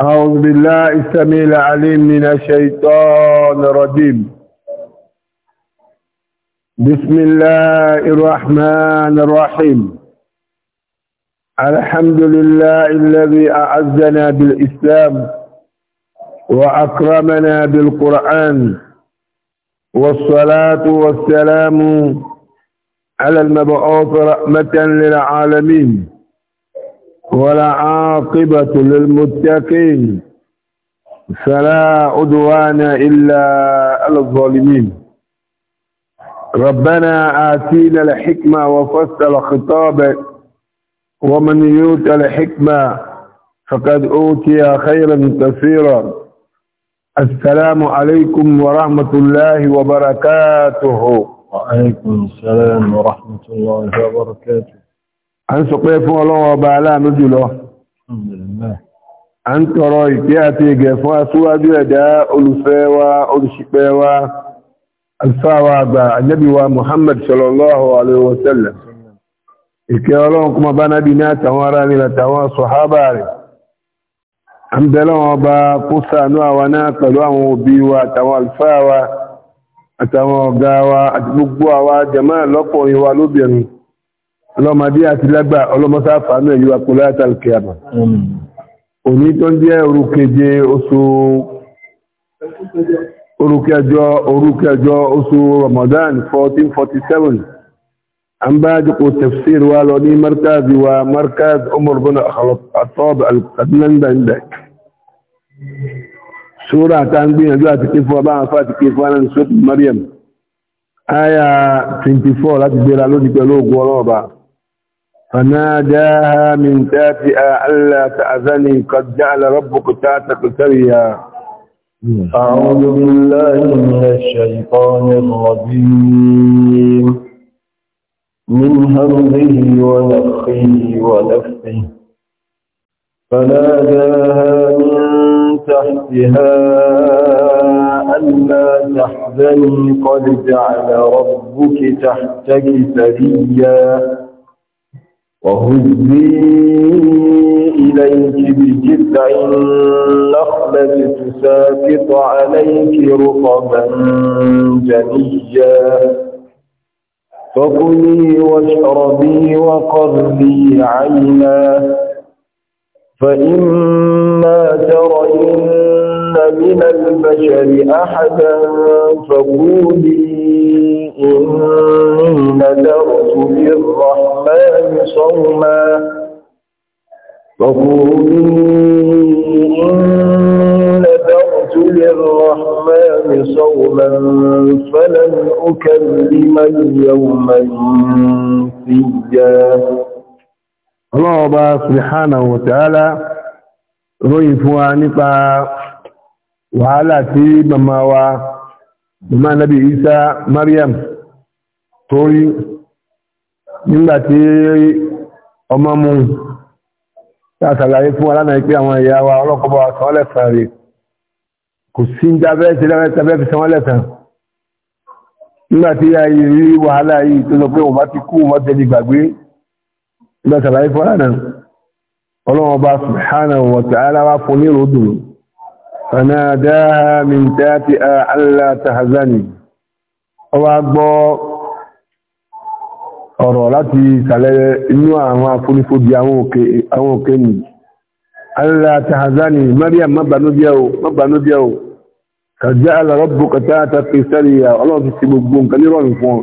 أعوذ بالله السميع العليم من الشيطان الرجيم بسم الله الرحمن الرحيم الحمد لله الذي أعزنا بالإسلام وأكرمنا بالقرآن والصلاة والسلام على المبعوث رحمة للعالمين ولا عاقبة للمتقين فلا عدوان إلا الظالمين ربنا آتينا الحكمة وفصل الخطاب ومن يوت الحكمة فقد أوتي خيرا كثيرا السلام عليكم ورحمة الله وبركاته وعليكم السلام ورحمة الله وبركاته a ń sọpẹ́ fún ọlọ́wọ́ ọba aláàánú jùlọ a ń tọrọ ìkẹ́ àti ìgẹ̀ fún aṣíwájú ẹ̀dá olùfẹ́ wa olùṣìpẹ̀ wa alfáwa àgbà ànábì wa Muhammad sallallahu alaihi wasallam ìkẹ́ ọlọ́run kúmọ bá nábi ní àtàwọn ará ní àtàwọn sọ̀hábà rẹ̀ a ń bẹ̀rẹ̀ wọn bá kún ọ̀gá wa àti gbogbo àwa jàmáà lọ́pọ̀ ìwà lóbìnrin ọlọ́mọdé àti lágbà ọlọ́mọsá fàánù èyí wapò látàlì kìámà òní tó ń jẹ́ orúkẹjẹ oṣù orúkẹjọ orúkẹjọ oṣù Ramadan 1447 an bá jùkú tafsir wa lọ ní markazi wa markaz umar bin atob al-kadinanda sura ta ń gbìyànjú àti kífọ́ bá ń fà àti kífọ́ náà ní sọ́tù Maryam aya 24 láti gbéra lónìí pẹ̀lú ogun ọlọ́ọ̀bá فناداها من تاتئا ألا تأذني قد جعل ربك تاتك سريا أعوذ بالله من الشيطان الرجيم من همزه ونفخه ونفخه فناداها من تحتها ألا تحزني قد جعل ربك تحتك سريا وهزي إليك بجذع النخلة تساقط عليك رطبا جنيا فكلي واشربي وقري عينا فإما ترين من البشر أحدا فقولي إني نذرت للرحمن الرحمن صوما فقولي إن نذرت للرحمن صوما فلن أكلم اليوم إنسيا الله سبحانه وتعالى ròyìn fún وعلى في wàhálà tí màmá wa màmá nígbàtí ọmọ mú ṣàṣàlàyé fún aláàrẹ pé àwọn ìyá wa ọlọ́kọ̀ọ́bọ̀ àtọ́ lẹ́sàn rẹ̀ kò sí ń jábẹ́ ti lẹ́rẹ́tẹ́bẹ́ fi sanwọ́ lẹ́sàn nígbàtí ya rí wàhálà yìí tó lọ pé gbọ́ ọ̀rọ̀ láti ìsàlẹ̀ inú àwọn afúnifóbi àwọn òkè nì allah tahazani mariam mabanúbíà o kàjá alàrọ́bù kàtà àtàkì sẹ́ríyà ọlọ́run ti ti gbogbo nǹkan ní rọrùn fún ọ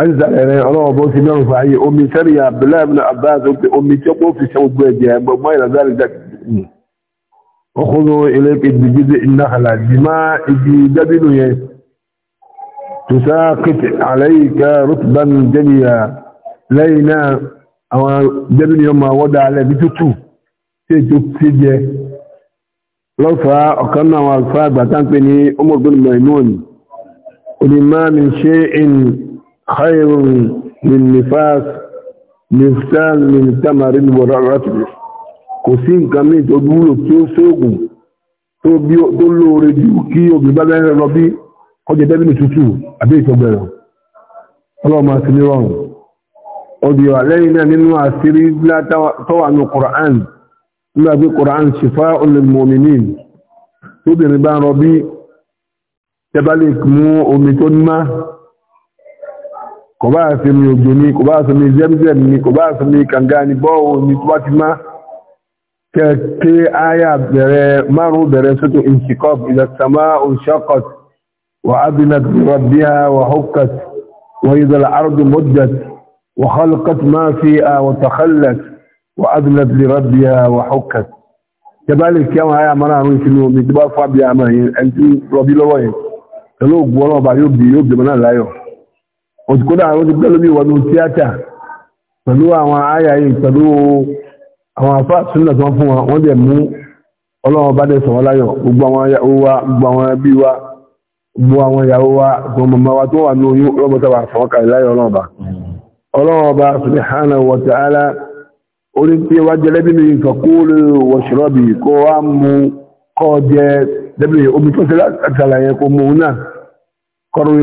ajísàlẹ̀ rẹ ọlọ́run bọ́ sí mẹ́rùn fàáyé omi sẹ́ríyà abdullahi ibn abbas pé omi tí ó pọ̀ fi ṣe gbogbo ẹ̀jẹ̀ ẹgbọ̀gbọ́n ìlàzárí jákèjì ọkùnrin ilé ìdíjídé تساقط عليك رطبا جنيا لينا او جبن يوم وضع على بتتو تيجو تيجي لو فا اكنا والفا بتانبني عمر بن ميمون ولما من شيء خير من نفاس نفتان من تمر ورطب كوسين كمي تدولو تيو سوغو تو بيو دولو رجو كيو ببابا ربي kọjẹ dẹ́bìnì tútù àbí ìtọ́gbẹ̀rẹ̀ ọlọ́mà ti ní rọrùn ọdíwà lẹ́yìn náà nínú àṣírí tọ́wà ní Qur'an nígbà bí Qur'an shifa'un lil mu'minin tóbìnrin bá rọ bí tẹ́bálẹ̀ mú omi tó ní má kò bá àṣẹ mi òjò ni kò bá àṣẹ mi zemzem ni kò bá àṣẹ mi kànga ni bọ́ọ̀ ni tó bá وأذنت لربها وحكت وإذا العرض مدت وخلقت ما فيها وتخلت وأذنت لربها وحكت كذلك يوم هيا مرة من كنو مدبا فابي أمين أنت ربي لوين تلو قولوا با يبدي يبدي منا لا يو وتكون على وجه قلبي ودون سياتا pẹ̀lú àwọn àyà yìí pẹ̀lú àwọn àfáà súnlẹ̀ tó wọ́n fún wọn wọ́n dẹ̀ mú ọlọ́wọ́ bá dẹ̀ sọ̀rọ̀ láyọ̀ gbogbo gbogbo àwọn ìyàwó wa gbọmọmọ wa tó wà ní oyún ọlọ́mọtàbà fọ́ọ̀kà ìláyọ̀ ọlọ́ọ̀bà ọlọ́ọ̀bà subhanahu wa ta'ala orí tí wá jẹ lẹ́bí mi fàkúrò wọ̀ṣọ́rọ̀bì kó wá mú kọ́ jẹ lẹ́bí omi tó tẹ́lá àtàlàyé kó mú náà kọ́rọ̀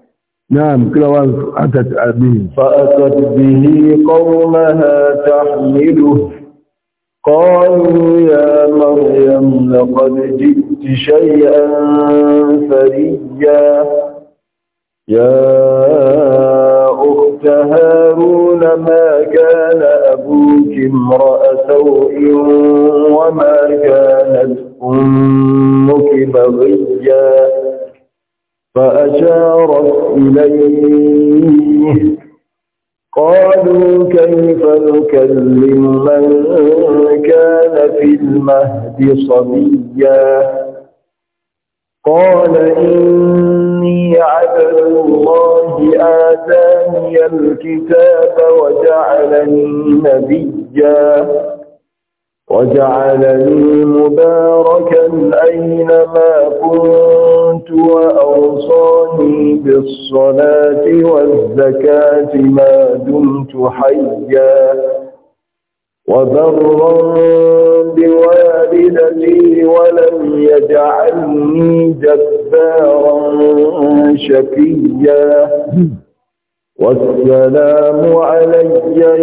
نعم كل واحد أتت به فأتت به قومها تحمله قالوا يا مريم لقد جئت شيئا فريا يا أخت هارون ما كان أبوك امرأ سوء وما كانت أمك بغيا فأشارت إليه قالوا كيف نكلم من كان في المهد صبيا قال إني عبد الله آتاني الكتاب وجعلني نبيا وجعلني مباركا أينما كنت كنت وأوصاني بالصلاة والزكاة ما دمت حيا وبرا بوالدتي ولم يجعلني جبارا شقيا والسلام علي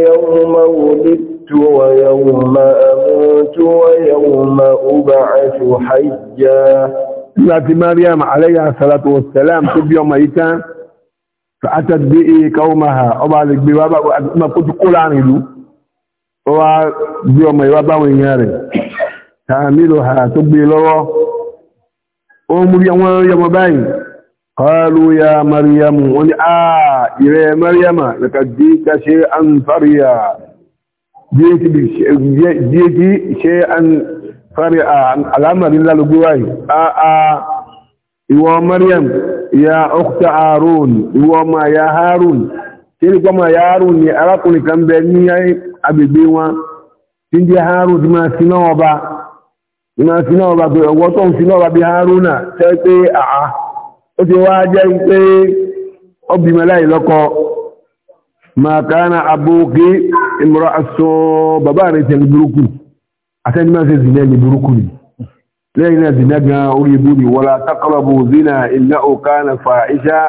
يوم ولدت ويوم أموت ويوم أبعث حيا láti mariam alayha salatu wa salam tó bí ọmọ yìí tán fa'atat bí i qawmaha ọba lè gbé wá bá ọmọ kó ti kó láàrin ìlú ó wá bí ọmọ yìí wá báwọn èèyàn rẹ̀ tààmìlò ha tó gbé e lọ́wọ́ ó mú rí àwọn ọmọ báyìí qalu ya mariam wọ́n a ìrẹ́ mariam lẹ́ka jí ká an fariya jí ti ṣe an fari al'amari lalugbowa yi a a iwọ maryam ya ọkta harun iwọ ma ya harun tí ní kọmọ ya harun ni arákùnrin kan bẹ ní agbègbè wọn tí ń jẹ harun ti máa síná ọba máa síná ọba pé ọwọ́ tó ń síná ọba bí haruna tẹ́ pé àá ó ti wá jẹ́ pé ọbìmọ̀ láì lọ́kọ ma kana abókè ìmọ̀ràn aṣọ bàbá burúkú àtẹ́ni máa ṣe zìnà ní burúkú ni lẹ́yìn náà zìnà gan orí ibú ni wala taqrabu zina innahu kana fahisha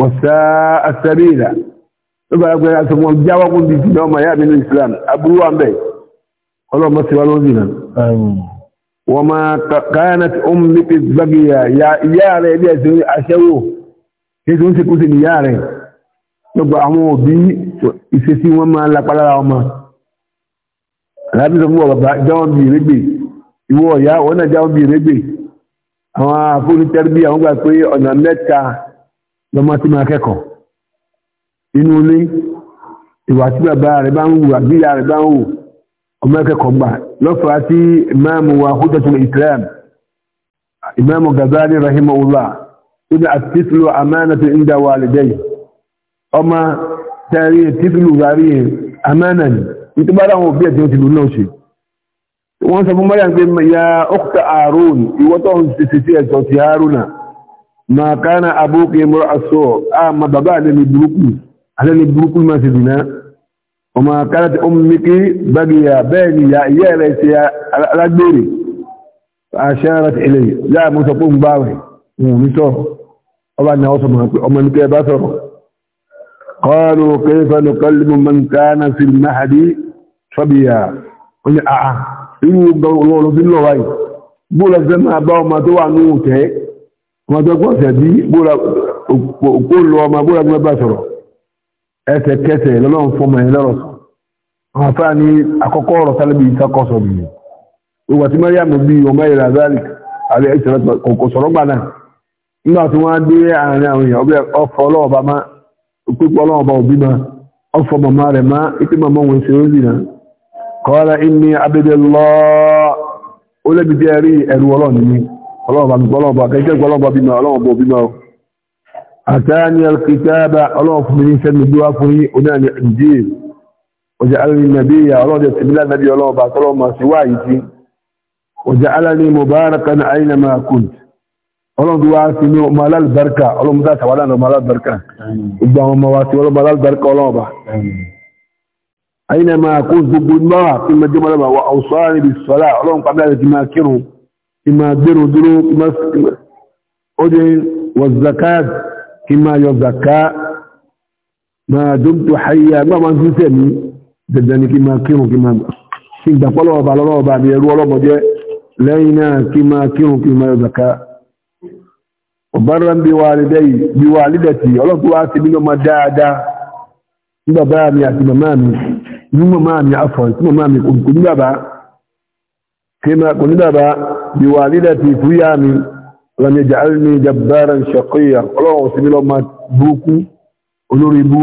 wa sa'a sabila ló bá gbé aṣọ wọn jáwọ́ kún bí zìnà ọmọ yá ní islam aburú wa ń bẹ̀ ọlọ́mọ sí wa ló ń zìnà wa ma kanat ummiki bagiya ìyá rẹ̀ ilé ẹ̀sìn aṣẹ́wò kí ló ń ṣe kú sí ni ìyá rẹ̀ gbogbo àwọn òbí ìṣesí wọn máa lápá lára ọmọ alábí sọ fún bàbá jáwọ́ bí ìrégbè ìwọ ọ̀yá wọn náà jáwọ́ bí ìrégbè àwọn afúnitẹ́rìbí àwọn gbà pé ọ̀nà mẹ́ta lọ́mọ tí máa kẹ́kọ̀ọ́ inú ilé ìwà tí bàbá rẹ̀ bá ń wù àbí ìyá rẹ̀ bá ń wù ọmọ ẹ̀kẹ́kọ̀ọ́ gbà lọ́fàá sí ìmáàmù wa Hujjatul Islam ìmáàmù Ghazali rahimahullah nítorí bá dáwọn òbí ẹ̀sìn òṣèlú náà ṣe wọ́n sọ fún Maryam pé ya ukhta Harun ìwọ́tọ̀ ń ṣe sí ẹ̀sọ̀ ti Haruna ma kana abuki imra'a as-su' àmà bàbá àlẹ́ni burúkú àlẹ́ni burúkú máa ṣe dùnà ọmọ kanat ummuki baghiya bẹ́ẹ̀ ni ìyá rẹ̀ ṣe alágbèrè asharat ilayhi láàmú sọ fún قالوا كيف نكلم من كان في المهدي صبيا قل اه inú gbọ́rọ̀ bí lọ wáyé bóòlá fẹ́ máa bá ọmọ tó wà ní òtẹ́ ma tó pọ̀ ṣẹ̀ bí òkú lọ ọmọ bóòlá na bá sọ̀rọ̀ ẹsẹ̀ kẹsẹ̀ pípọ̀ ọlọ́ọ̀bá òbí ma ọfọ màmá rẹ̀ má ipé màmá wọn ṣe ó zìnà kọ́lá inú abẹ́dẹ́lọ́ ó lẹ́bi bí ẹrí ẹ̀rù ọlọ́ọ̀nìní ọlọ́ọ̀bá mi gbọ́lọ́ọ̀bá kẹ́kẹ́ gbọ́lọ́ọ̀bá bí ma ọlọ́ọ̀bá òbí bí wá fún yí onáàni injil ọjà alani nàbí ya ọlọ́ọ̀dẹ tìmílà nàbí ọlọ́ọ̀bá tọ́lọ́ọ̀mà sí wáyìí sí ọjà alani mubarakan aina ọlọ́dún wá sí ní ọmọ alálùbáríkà ọlọ́mọdá àtàwádà ọmọ alálùbáríkà gbogbo àwọn ọmọ wa sí ọlọ́mọ alálùbáríkà ọlọ́ọ̀bà ayinama kó gbogbo náà tí ma jẹ́mọ́ lọ́wọ́ ọ̀sọ́ àríbi sọ́lá ọlọ́run pàdé àti máa kírun tí máa gbèrò dúró ó dé wọ zaka kí máa yọ zaka máa dóńtò hayya máa máa fi sẹ́mi dandan ni kí máa kírun kí máa sí ìgbàpọ̀ lọ́wọ́ bá lọ́wọ́ bá mi ọlọ́mọdé lẹ́yìn náà kí máa kírun kí máa yọ zaka ọ̀bára bí wà lè dẹ́yì bí wà lè dẹ̀tì ọlọ́pùwà ti bí lọ́mọ dáadáa ní bàbá mi àti màmá mi ní màmá mi afọ̀ sí màmá mi kò ní bàbá kéma kò ní bàbá bí wà lè dẹ̀tì fúyà mi ọlọ́mọ ìjà alìní jàbára ṣàkóyà ọlọ́wọ́ sí bí lọ́mọ burúkú olórí bú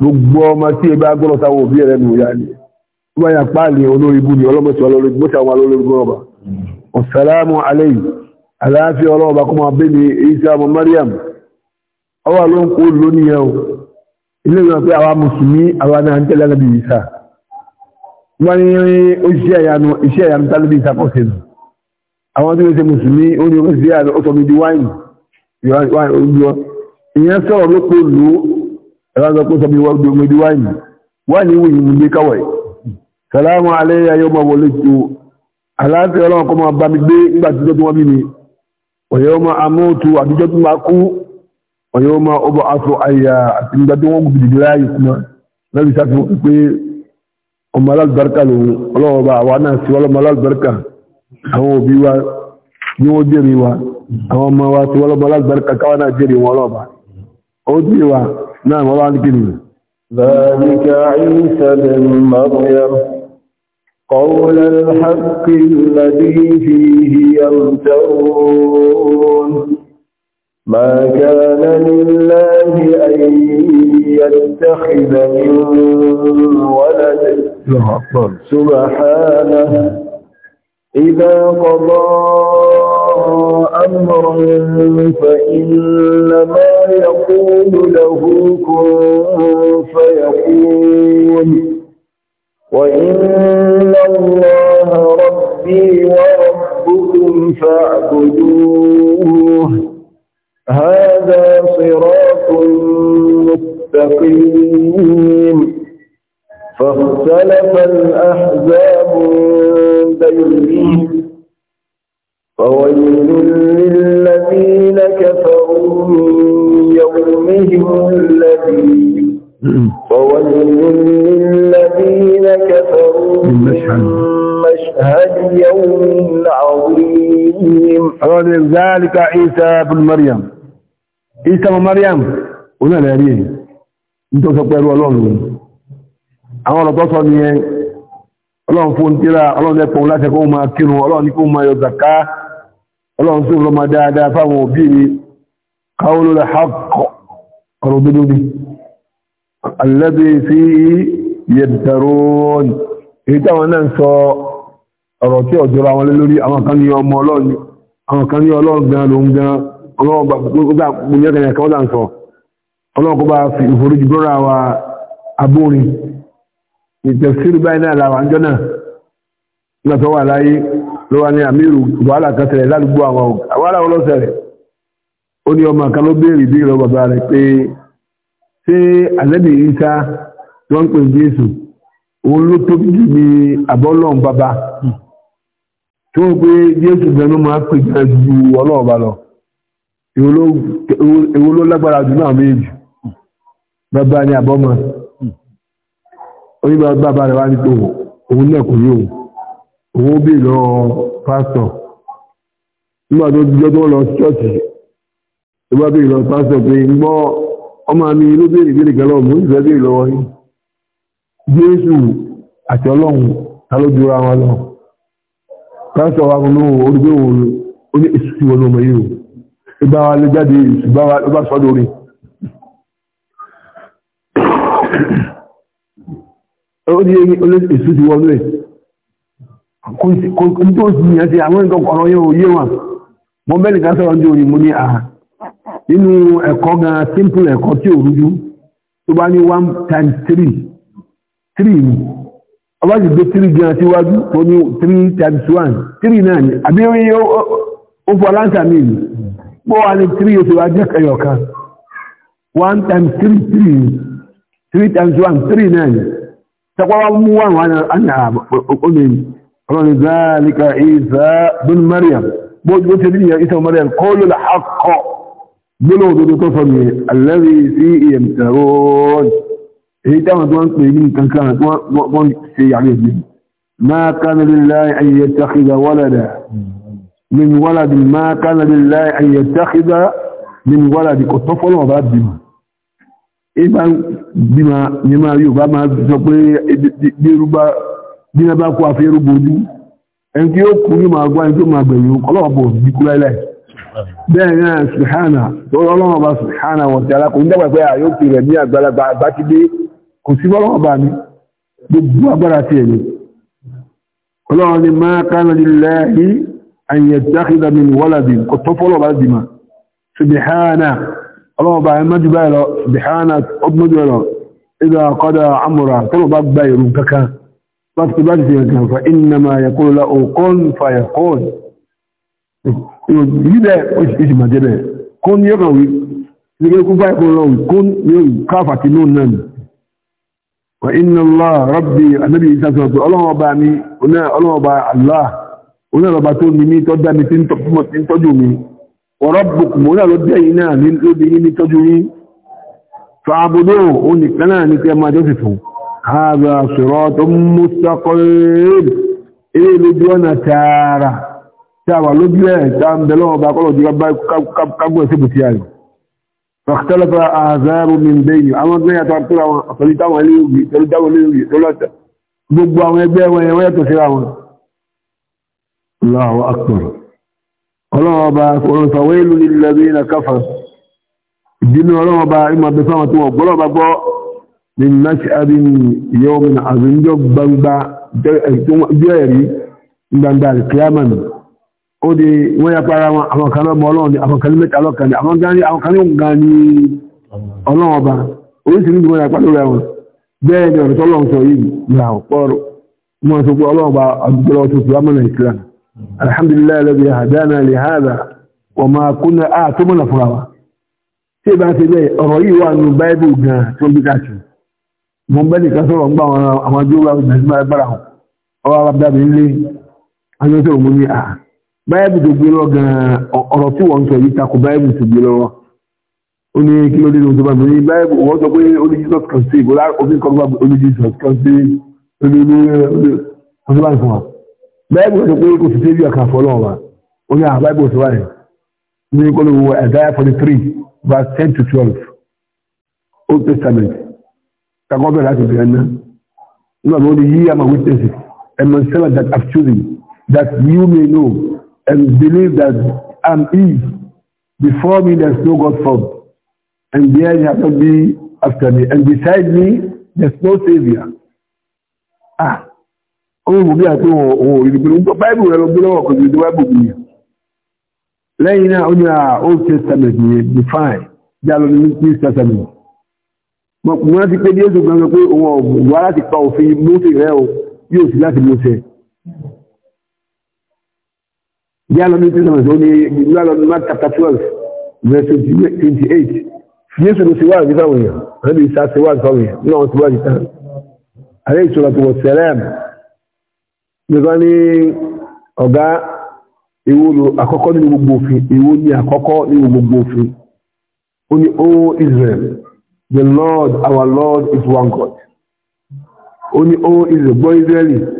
gbogbo ọmọ tí ẹ bá sáwọ́ òbí rẹ̀ nù ni wọ́n yà páàlì olórí bú ni ọlọ́mọ àlàáfíà ọlọ́wọ́ bá kó máa bẹ́ ní Isa ọmọ Mariam ọwọ́ ló ń kó lónìí ẹ̀ o ilé ìgbà pé àwa mùsùlùmí àwa náà ń tẹ́lẹ̀ níbi Isa wọ́n ní iṣẹ́ ìyanu iṣẹ́ ìyanu tá níbi Isa pọ̀sẹ̀ nù àwọn tí wọ́n ṣe mùsùlùmí ó ní oṣù sí àná ó sọ mi di wáìnì ìyẹn sọ̀rọ̀ ló kó lò ó ọ̀yọ́mọ amóòtú àdújọ́ tó máa kú ọ̀yọ́mọ ọba afọ àyà àti nígbà tó wọ́n gbìdìdì láàyè kuma lẹ́bi sáfihàn pé ọmọ alábàárikà lòun ọlọ́wọ́ba àwa náà sí ọlọ́mọ alábàárikà àwọn òbí wa ni wọ́n jèrè wa àwọn ọmọ wa sí ọlọ́mọ alábàárikà káwa náà jèrè wọn ọlọ́ba ó jèrè wa náà wọ́n wá ní kí ni. ذلك عيسى بن مريم قول الحق الذي فيه يمترون ما كان لله أن يتخذ من ولد سبحانه إذا قضى أمرا فإنما يقول له كن فيكون وإن الله ربي وربكم فاعبدوه هذا صراط مستقيم فاختلف الأحزاب بينهم فويل للذين كفروا من يومهم الذي فويل مشهد يوم عظيم ذلك عيسى بن مريم عيسى بن مريم هنا لا يريه انت سبقوا الله àwọn ọ̀rọ̀ tó sọ ni ẹn ọlọ́run fún tíra ọlọ́run lẹ́pọ̀ láti ẹkọ́ máa kírun ọlọ́run ní kó máa yọ zaka ọlọ́run sí ọlọ́mà dáadáa fáwọn òbí ni káwọlò rẹ̀ hákọ̀ ọ̀rọ̀ òdodo ni alẹ́bẹ̀ẹ́ sí yẹ̀dẹ̀rọ̀ ni èyí táwọn náà ń sọ ọ̀rọ̀ tí ọ̀jọ́ra wọn lé lórí àwọn kan ní ọmọ ọlọ́run àwọn kan ní ọlọ́run gan ló ń gan ọlọ́run gbà gbòmìnira kan wọ́n sọ ọlọ́run kó bá fi ìforíjì bọ́ra wa abórin ìtẹ̀sírí báyìí náà làwọn àjọ náà nígbà tó wà láyé ló wà ní àmírù wàhálà kan ṣẹlẹ̀ ládùúgbò àwọn wàhálà wọn ló ṣẹlẹ̀ ó ní ọmọ kan ló béèrè ìbéèrè bàbá rẹ̀ pé ṣé àlẹ́bì Ìsá wọ́n ń òun ló tóbi jù ní àbọ́lọ́n bàbá hmm. tí wọ́n pé jésù bẹ̀rù máa pè jẹ́ ju ọlọ́run bá lọ èwo ló lágbára jù náà méjì hmm. bàbá ni àbọ́mọ́ hmm. oníbà bàbá rẹ̀ wá ní tòun òun náà kò yóò òun bè lọ pásítọ̀ nígbà tó ti jọ́tọ́ lọ ṣọ́ọ̀ṣì ìwà bè lọ pásítọ̀ pé ń gbọ́ ọmọ mi ló béèrè ìbéèrè kan lọ́wọ́ mo lọ́wọ́ yìí jésù àti ọlọ́run tàlójú ra wọn lọ káńsọ̀ wa wọn lóhùn orígbé wọn ó ní èsù sí wọn lọ́mọ yìí o ìgbà wa lè jáde èsù bá wa ló bá sọ lórí ó ní èsù sí wọn lórí kò tó sì yàn sí àwọn nǹkan ọ̀rọ̀ yẹn ò yé wọn mo bẹ́ẹ̀ nìkan sọ̀rọ̀ ní orí mo ní àhà nínú ẹ̀kọ́ gan simple ẹ̀kọ́ tí ò rújú tó bá ní one times three three ni ọba ti gbé three gan síwájú ó ní three times one three náà ni àbí ó fọ aláǹsà mi ni pọ́ wa ní three oṣù wa jẹ́ one times three three three times one three náà ni sọpọ́ wa mú wà wọn àná ọmọdé ọlọ́run zaalika isa bin mariam bó ti rí ìyẹn isa mariam kọ́ọ̀lù làákọ́ gbólóhùn tó tó sọ nìyẹn alẹ́rìí sí ìyẹn èyí táwọn tó ń pè ní nǹkan kan tó wọ́n ṣe yàrá ìgbé máa kánà lílláhi an yattakhidha walada min waladi máa kánà lílláhi an yattakhidha min waladi kò tọ́ fọ́lọ́ ọba bímọ ìbá bímọ ní máa rí ọba máa sọ pé bíná bá kó afẹ́rú bojú ẹni tí ó kú ní máa gbá ẹni tó máa bẹ́ẹ̀ náà subhana tó ọlọ́wọ́ bá subhana wọ̀tí alákùnrin dẹ́gbẹ̀ẹ́ àyókù rẹ̀ ní àgbàlagbà àgbàkídé kò sí bọ́lọ́ ọba mi gbogbo agbára ti ẹ̀mí ọlọ́run ni máa kánà nílẹ̀ ní àyẹ̀ jákèjàmí wọ́làdì kò tọ́ fọ́lọ́ ọba dì mà subhana ọlọ́run ọba mẹ́jú báyìí lọ subhana ọdúnmọ́jú lọ ìgbà kọ́dà amúra tọ́lọ̀ bá gba ìrù kankan bá ti bá ti fi hàn fa wí nígbà kó bá yẹ kó lọ wí kón yóò káfà tí náà wa inna allah rabbi anabi isa sọ pé ọlọ́run ọba mi ọlọ́run ọba allah ọlọ́run ọba tó ní mi tó dá mi tí ń tọ́jú mi wa rabbukum ọlọ́run ló dé yìí náà ló dé yìí ní tọ́jú yìí fàábùdó òun nìkan náà ní kẹ́ máa jọ́sìn fún hadha siratun mustaqim eré lójú ọ̀nà tààrà tí a wà lójú ẹ̀ tá ń bẹ lọ́wọ́ bá kọ́lọ̀ jù kágbọ́n sí bùtíyà rẹ̀ فاختلف آذار من بين أما بين تعطيرا أصليتا وليوبي تلتا وليوبي ثلاثة gbogbo àwọn ẹgbẹ́ wọn ẹ̀wọ́ yàtọ̀ síra wọn Allahu akbar ọlọ́wọ́ ọba ọ̀rọ̀sọ̀wẹ́lú nílẹ̀bí na káfà ìdínú ọlọ́wọ́ ọba ìmọ̀ bẹ fáwọn tí wọ́n gbọ́lọ́ bá gbọ́ ní náṣì abin yawmin àzúnjọ́ gbangba jẹ́ ẹ̀rí gbangba alkiyama nìí ó di wọ́n ya para wọn àwọn kan lọ́gbọ́ ọlọ́run ni àwọn kan mẹ́ta lọ́kàn ni àwọn gan àwọn kan ní òun ọlọ́run ọba wọ́n ya pàdé rẹ̀ wọn bẹ́ẹ̀ ni ọ̀rọ̀ tọ́lọ́run sọ yìí là ọ̀pọ̀rọ̀ wọ́n sọ pé ọlọ́run ọba àdúgbò tó fi alhamdulilayi lọ́bi lè wọ́n a tó mọ̀nà fúnra wa tí ìbá ti bẹ́ẹ̀ ọ̀rọ̀ yìí wà nù báíbù gan tó bí bẹ́ẹ̀ nìkan wa bára báyìbù tó gbé lọ gan-an ọ̀rọ̀ tí wọ́n ń sọ yìí takò báyìbù tó gbé lọ́wọ́ ó ní kí ló dé lóhun tó bá mi ní báyìbù wọ́n sọ pé ó ní Jesus can save ó lára omi kan bá ó ní Jesus can save ó ní ní wọ́n sọ bá ń fún wa báyìbù sọ pé kò sí sẹ́bí ọ̀kan fọlọ́ wa ó ní àwọn ah, báyìbù sọ báyìí ní kọ́ wọ Isaiah forty three verse ten to twelve Old Testament kakọ́ bẹ̀rẹ̀ láti bẹ̀rẹ̀ ná nígbà tó ní yíyá my witnesses and my servants that have chosen that you may know and believe that I'm Eve. Before me there's no God formed. And there shall not be after me. And beside me there's no Savior. Ah. Oh, mo bí àti ohun you ìdìbò ń gbọ́ Báìbù rẹ̀ ló gbé lọ́wọ́ kò sí ìdí Báìbù mi. Lẹ́yìn náà ah, Old Testament yẹn define jálọ ní New Testament. Mo rántí pé Jésù gan sọ pé òun ọ̀gbọ̀n wá láti pa òfin Mósè rẹ̀ o yóò sí láti Mósè dialogue testament ó ní dialogue mark chapter twelve verse twenty eight jésù ló ti wá àti fáwọn èèyàn àbí ìsá ti wá àti fáwọn èèyàn ní àwọn ti wá àti tán àlẹ́ ìṣòro tó wọ̀ sẹ́lẹ̀m nígbà ní ọ̀gá èwo lo àkọ́kọ́ nínú gbogbo òfin èwo ni àkọ́kọ́ nínú gbogbo òfin ó o Israel the Lord our Lord is one God ó ní o Israel boy, Israeli.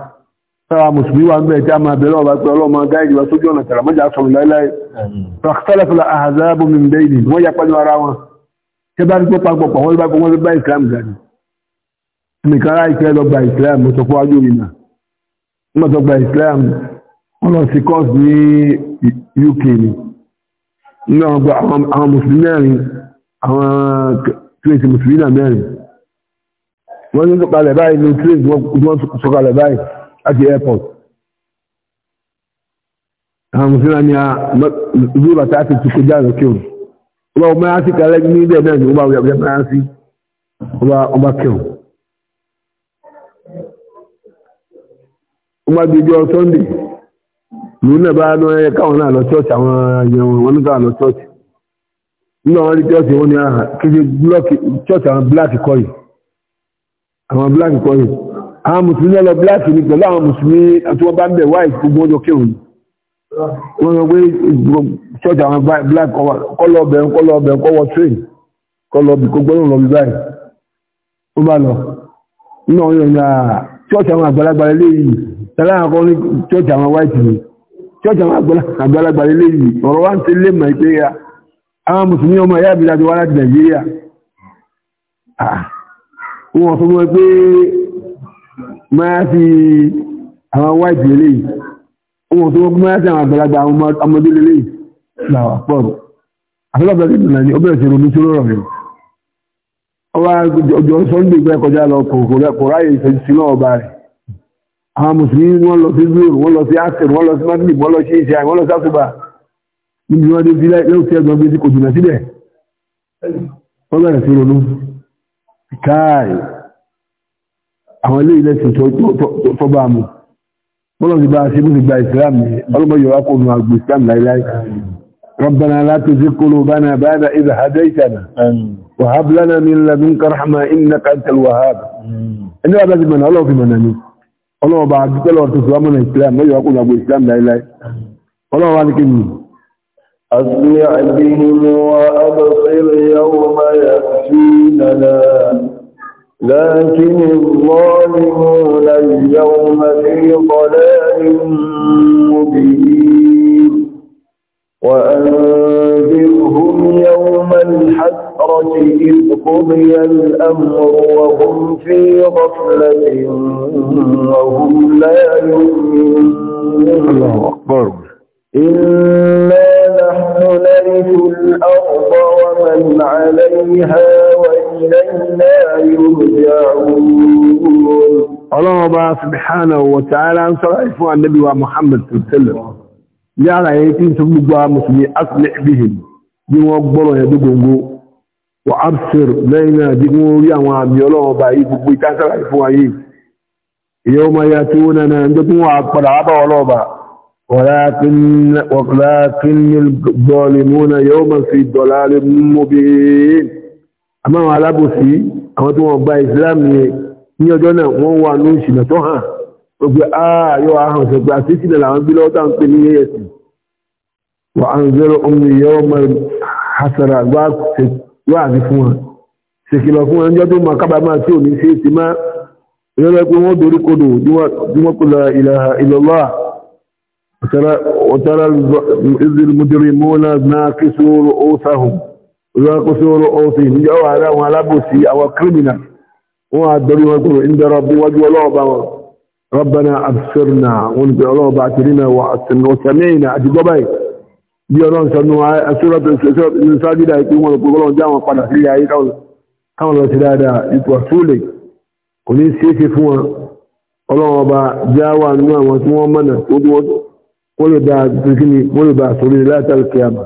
فهو مسلمي وان بيت اما بلوه بات بلوه ما قايد وسجونا ترى ما جاء صلى الله عليه فاختلف الاحزاب من بينهم ويقبل وراهم كبار كو باكو باكو باكو باكو باكو اسلام غادي مكارا يكلا لو با اسلام متوكو اجو لنا ما تو با اسلام ولا سيكوز ني يوكي ني نو با هم مسلمين هم كريس مسلمين امين wọ́n ní sọ̀kalẹ̀ báyìí ní tíréèdì wọ́n sọ̀kalẹ̀ báyìí At the airport àwọn mùsùlùmí ni a ìlú bàtà àti tukọjá lókè òun ọba ọmọ yá sí kàlẹ́ ní ilé náà ní ọba ọ̀yà ọ̀yà máa sí ọba ọba kẹun ọba gbẹjọ Sunday lòun náà bá lọ ẹ káwọn náà lọ church àwọn èèyàn wọn nígbà lọ church nígbà wọn rí church wọn ah, ni kéde church àwọn black kọ́ yìí àwọn black kọ́ àwọn mùsùlùmí lọ bláàkì ní pẹ̀lú àwọn mùsùlùmí tí wọ́n bá ń bẹ̀ wáì gbogbo ọjọ́ kírùn wọ́n sọ pé ṣọ́ọ̀tì àwọn bláàkì kọ́lọ̀ ọbẹ̀ kọ́lọ̀ ọbẹ̀ kọ́wọ́ train kọ́lọ̀ ọbẹ̀ gbogbo ọ̀rọ̀ lọ́bí báyìí ó bá lọ nínú àwọn yọ̀nyà ṣọ́ọ̀tì àwọn àgbàlagbà eléyìí tẹ́lá àkọ́ ní ṣọ́ọ̀tì àwọn wáìtì ni ṣọ́ọ̀tì àwọn àgbàlagbà eléyìí ọ̀rọ̀ wá ń tẹ́ lé mọ̀ pé àwọn mùsùlùmí ọmọ ẹ̀yà ìbílẹ̀ àti wàhálà nàìjíríà wọ́n sọ pé máa fi àwọn wáìtì eléyìí ohun tó wọ́n máa fi àwọn àgbàlagbà àwọn ọmọdé eléyìí làwà pọ̀rọ̀ àfẹ́lọ́pẹ́ ti dùn ní ọbẹ̀rẹ̀ sí ronú sí lọ́rọ̀ rẹ̀ ọwá ọjọ́ sunday gbẹ́ kọjá lọ kò ráyè ìfẹ́jú sí náà ọba rẹ̀ àwọn mùsùlùmí wọ́n lọ sí zoro wọ́n lọ sí asir wọ́n lọ sí madrid wọ́n lọ sí iṣẹ́ wọ́n lọ sí àtúbà níbi wọ́n dé bílẹ̀ yóò fi ẹgbọ́n gbèsè àwọn ilé ilẹ̀ tó bá mú bọ́lọ̀ ti bá ṣe mú ti gba islam ní ọlọ́mọ yóò wákò nù àgbò islam láíláí ربنا لا تزغ قلوبنا بعد إذ هديتنا وهب لنا من لدنك رحمة إنك أنت الوهاب ẹni wà bẹ́ẹ̀ mẹ́nà ọlọ́ọ̀fin mẹ́nà ni ọlọ́wọ́ bá dúpẹ́ lọ́wọ́ tó fi wámọ́nà islam lọ́yọ̀ ọkùnrin àgbò islam láíláí ọlọ́wọ́ wá ní kí ni. أسمع بهم وأبصر يوم يأتيننا لكن الظالمون اليوم في ضلال مبين وأنذرهم يوم الحسرة إذ قضي الأمر وهم في غفلة وهم لا يؤمنون الله أكبر إنا نحن نرث الأرض ومن عليها وإن إلينا يرجعون الله سبحانه وتعالى انصر عفو النبي ومحمد صلى الله عليه وسلم yára yẹn tí ń sọ gbogbo amùsùlùmí aslẹ̀ bihim bí wọ́n gbọ́rọ̀ yẹn dógóngó wà absir lẹ́yìn náà jí wọ́n rí àwọn àmì ọlọ́run bá yìí gbogbo ìtànsára ìfún ayé wọ́n nana ń dókún wọn padà wábà ọlọ́run bá wọ́n àmọ́ àwọn alábòsí àwọn tí wọ́n gba islam yẹn ní ọjọ́ náà wọ́n wà ní ìṣìnà tó hàn ó gbé ààyò ah, ahàn ṣẹ̀gbà sí ìṣìnà làwọn gbé lọ́wọ́ tá à ń pè ní ẹ̀sìn wà á ń zẹ́rọ ọmọ ìyá ọmọ hasara wà á ní fún wọn ṣèkìlọ̀ fún wọn níjọ́ tó máa kábàámà tí ò ní ṣe é ti má ìrẹ́lẹ̀ pé wọ́n dorí kodò bí wọ́n kò la ilaha illallah وترى الذي المجرمون ناكسوا رؤوسهم olùwàkóso ọ̀sẹ̀ ìníjọ́ wà rẹ̀ àwọn alábòsí àwọn kírímìnà wọ́n àgbẹ̀rí wọn kúrò ń dẹ̀rọ bí wájú ọlọ́ọ̀bá wọn rọ́bẹ̀nà àbṣírnà wọn ni pé ọlọ́ọ̀bá àti rínà wà àtìmọ̀sẹ̀mẹ́yìn àti gọ́bà bí ọlọ́run sọnù àṣírọ́tẹ̀sọ́dídà ìpín wọn kò gbọ́dọ̀ já wọn padà sí ayé káwọn lọ sí dáadáa ipò àtúlẹ̀ kò ní wọ́n mọ̀nà tó bí wọ́n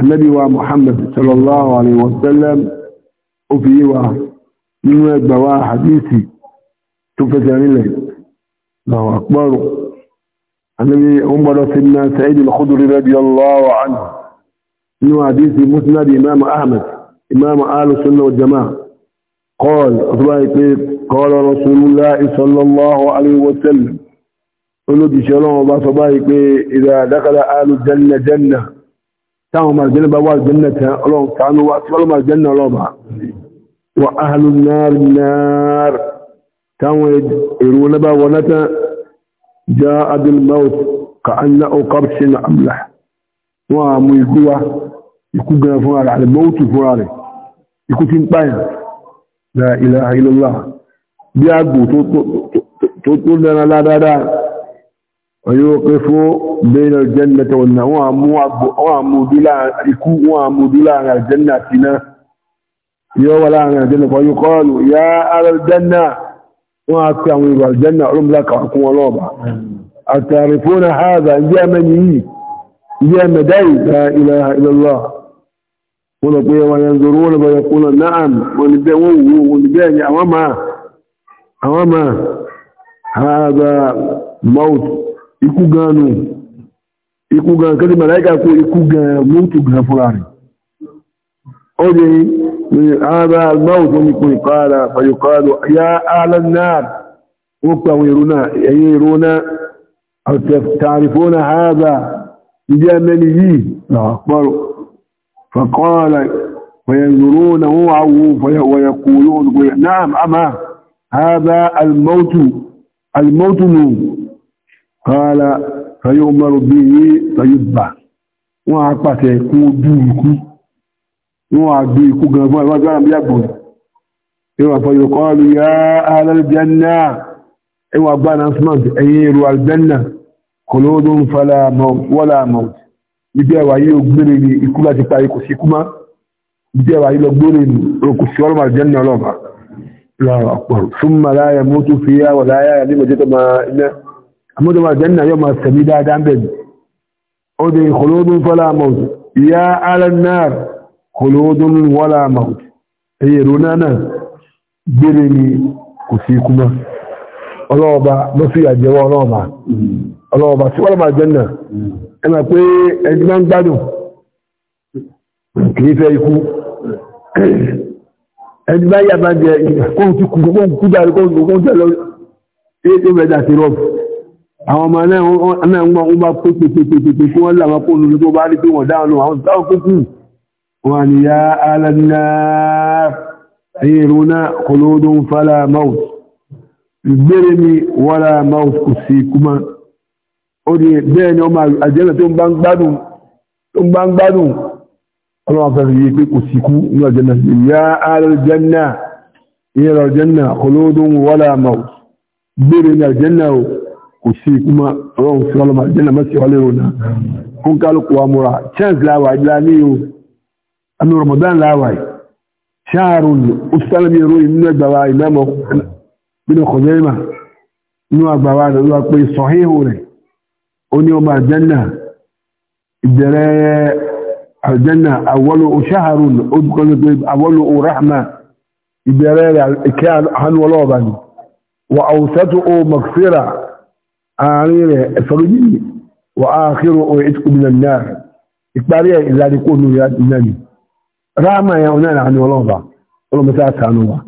النبي ومحمد صلى الله عليه وسلم وفي من يدبوا حديثي تفزعني لي الله أكبر النبي أمر سيدنا سعيد الخدري رضي الله عنه إنه حديث مسند إمام أحمد إمام آل السنة والجماعة قال قال رسول الله صلى الله عليه وسلم قلت شلون الله صباحك إذا دخل آل الجنة جنة táwọn màrìjẹ́nà bá wà jẹ́nà tán ọlọ́run kánú wá tí wọ́n màrìjẹ́nà ọlọ́ba wà áhàlù náàrínààrì táwọn èrò wọn bá wọ́n tán já adil maut ka an na ọkọ̀ọ̀ṣẹ́ na amla wọ́n a mú ikú wá ikú gan fún ara la ilaha illallah bí àgbò tó dára ládáadáa ويوقف بين الجنة والنار وعمود لها الجنة فينا يوم على الجنة فيقال يا أهل الجنة وعطي عمود الجنة علم لك حكم ولوبة أتعرفون هذا يا مني يا مدعي لا إله إلا الله ولقوا وينظرون ويقولون نعم ونبيعوا ونبيعني أمامها أمامها هذا موت ikú gan nù ikú gan kẹ́lẹ̀ mẹ́láíkà kó ikú gan mọ́tò gan fúnra rẹ̀ ó dé ara aláwọ̀ tó ní kùnrin kọ́ra fàyíkọ́rù ya alan náà wọ́n pẹ̀ àwọn èrò náà ẹ̀yìn èrò náà àtàrífónà haza náà àmà haza almautu almautu nù kọ́lá tayó mọ́rù bí i tayó bà wọ́n á pàtẹ kú bí ikú wọ́n á bí ikú gan fún ẹgbẹ́ gbára bí àgbòrò ìwà fọyọ̀ kọ́lù yá alẹ́lẹ́bíánná ìwà gbára smart ẹ̀yìn èrò alẹ́bíánná kòlóòdùn mọ́tò fìyà wà láyà ní mọ̀jẹ́tọ̀ máa iná àmúdọ̀wà jẹ́nà yọ máa sẹ̀mí dáadáa bẹ̀rẹ̀ ó dé kòlóòdún fọ́lá maut ya alannar kòlóòdún wọ́lá maut èyí rúnà náà gbére ni kò sí kuma ọlọ́ọba mọ́sí àjẹwọ́ ọlọ́ọba ọlọ́ọba sí wọ́lá máa jẹ́nà ẹ máa pé ẹni máa ń gbádùn kì í fẹ́ ikú ẹni máa yà máa jẹ kóhùn tí kú kóhùn kú dáa kóhùn kóhùn jẹ lọ èyí tó bẹ̀ dà sí rọ́ọ̀bù àwọn ọmọ náà ń gbọ́n wọ́n bá pé pèpèpèpè kí wọ́n làwọn kó lórí tó bá rí pé wọ́n dáwọn àwọn ìsáwọ̀ kókù wọ́n ni ya alanna ayèrúnà kòlódún fàlà mouth ìgbére ni wọ́la mouth kò sí kúmá ó ní bẹ́ẹ̀ ni ọmọ àjẹ́lẹ̀ tó ń bá ń gbádùn ọlọ́wọ́n fẹ́ àjẹ́lẹ̀ kò sí kuma ọlọ́run sí ọlọ́mà jẹ́nà mẹ́sí ọlẹ́ òun náà kún kálùkù wa múra chance láwà ìlà ní o àmì Ramadan láwà ṣáàrùn òṣìṣẹ́lẹ̀mí ìròyìn nínú ẹgbàwà ìmẹ́mọ̀ ìbẹ̀rẹ̀ rẹ̀ ìkẹ́ àánú ọlọ́ọ̀bà ni wà àwùsẹ́tù ó mọ̀kfíra àárín rẹ̀ ẹ̀sọ́rọ̀ yìí wà á kírò orí ìtìkúmìnà náà ìparí ẹ̀ ìlàdíkò ní ìlàdí ráàmà ẹ̀ ọ̀nà ìlànà ọlọ́ọ̀bà ọlọ́mọta àtàánú wa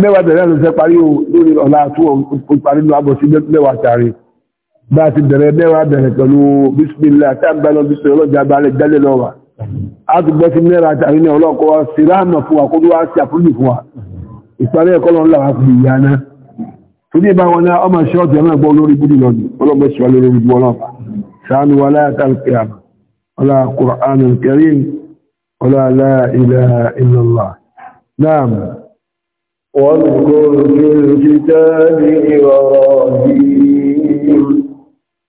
mẹ́wàá bẹ̀rẹ̀ ló fẹ́ parí lórí ọ̀la tó parí lọ abọ̀ sí mẹ́wàá tààrí bá a ti bẹ̀rẹ̀ mẹ́wàá bẹ̀rẹ̀ pẹ̀lú bísímìlá táàgbà lọ bísímìlá ọlọ́jà balẹ̀ gbálẹ̀ lọ wa a ti gbọ́ ẹ̀kọ́ lọ́nà làwọn fi ìyá náà torí ẹbá wọn náà ọmọ ṣe ọ̀tẹ̀ ẹ̀mọ́ ẹgbọ́ olórí búrú lọ́dún ọlọ́mọ ṣe wà lórí búrú ọlọ́pàá ṣàánú wa láyàtà alkiyama ọlá kùránù karim ọlá ilaha illallah náà واذكر في الكتاب إبراهيم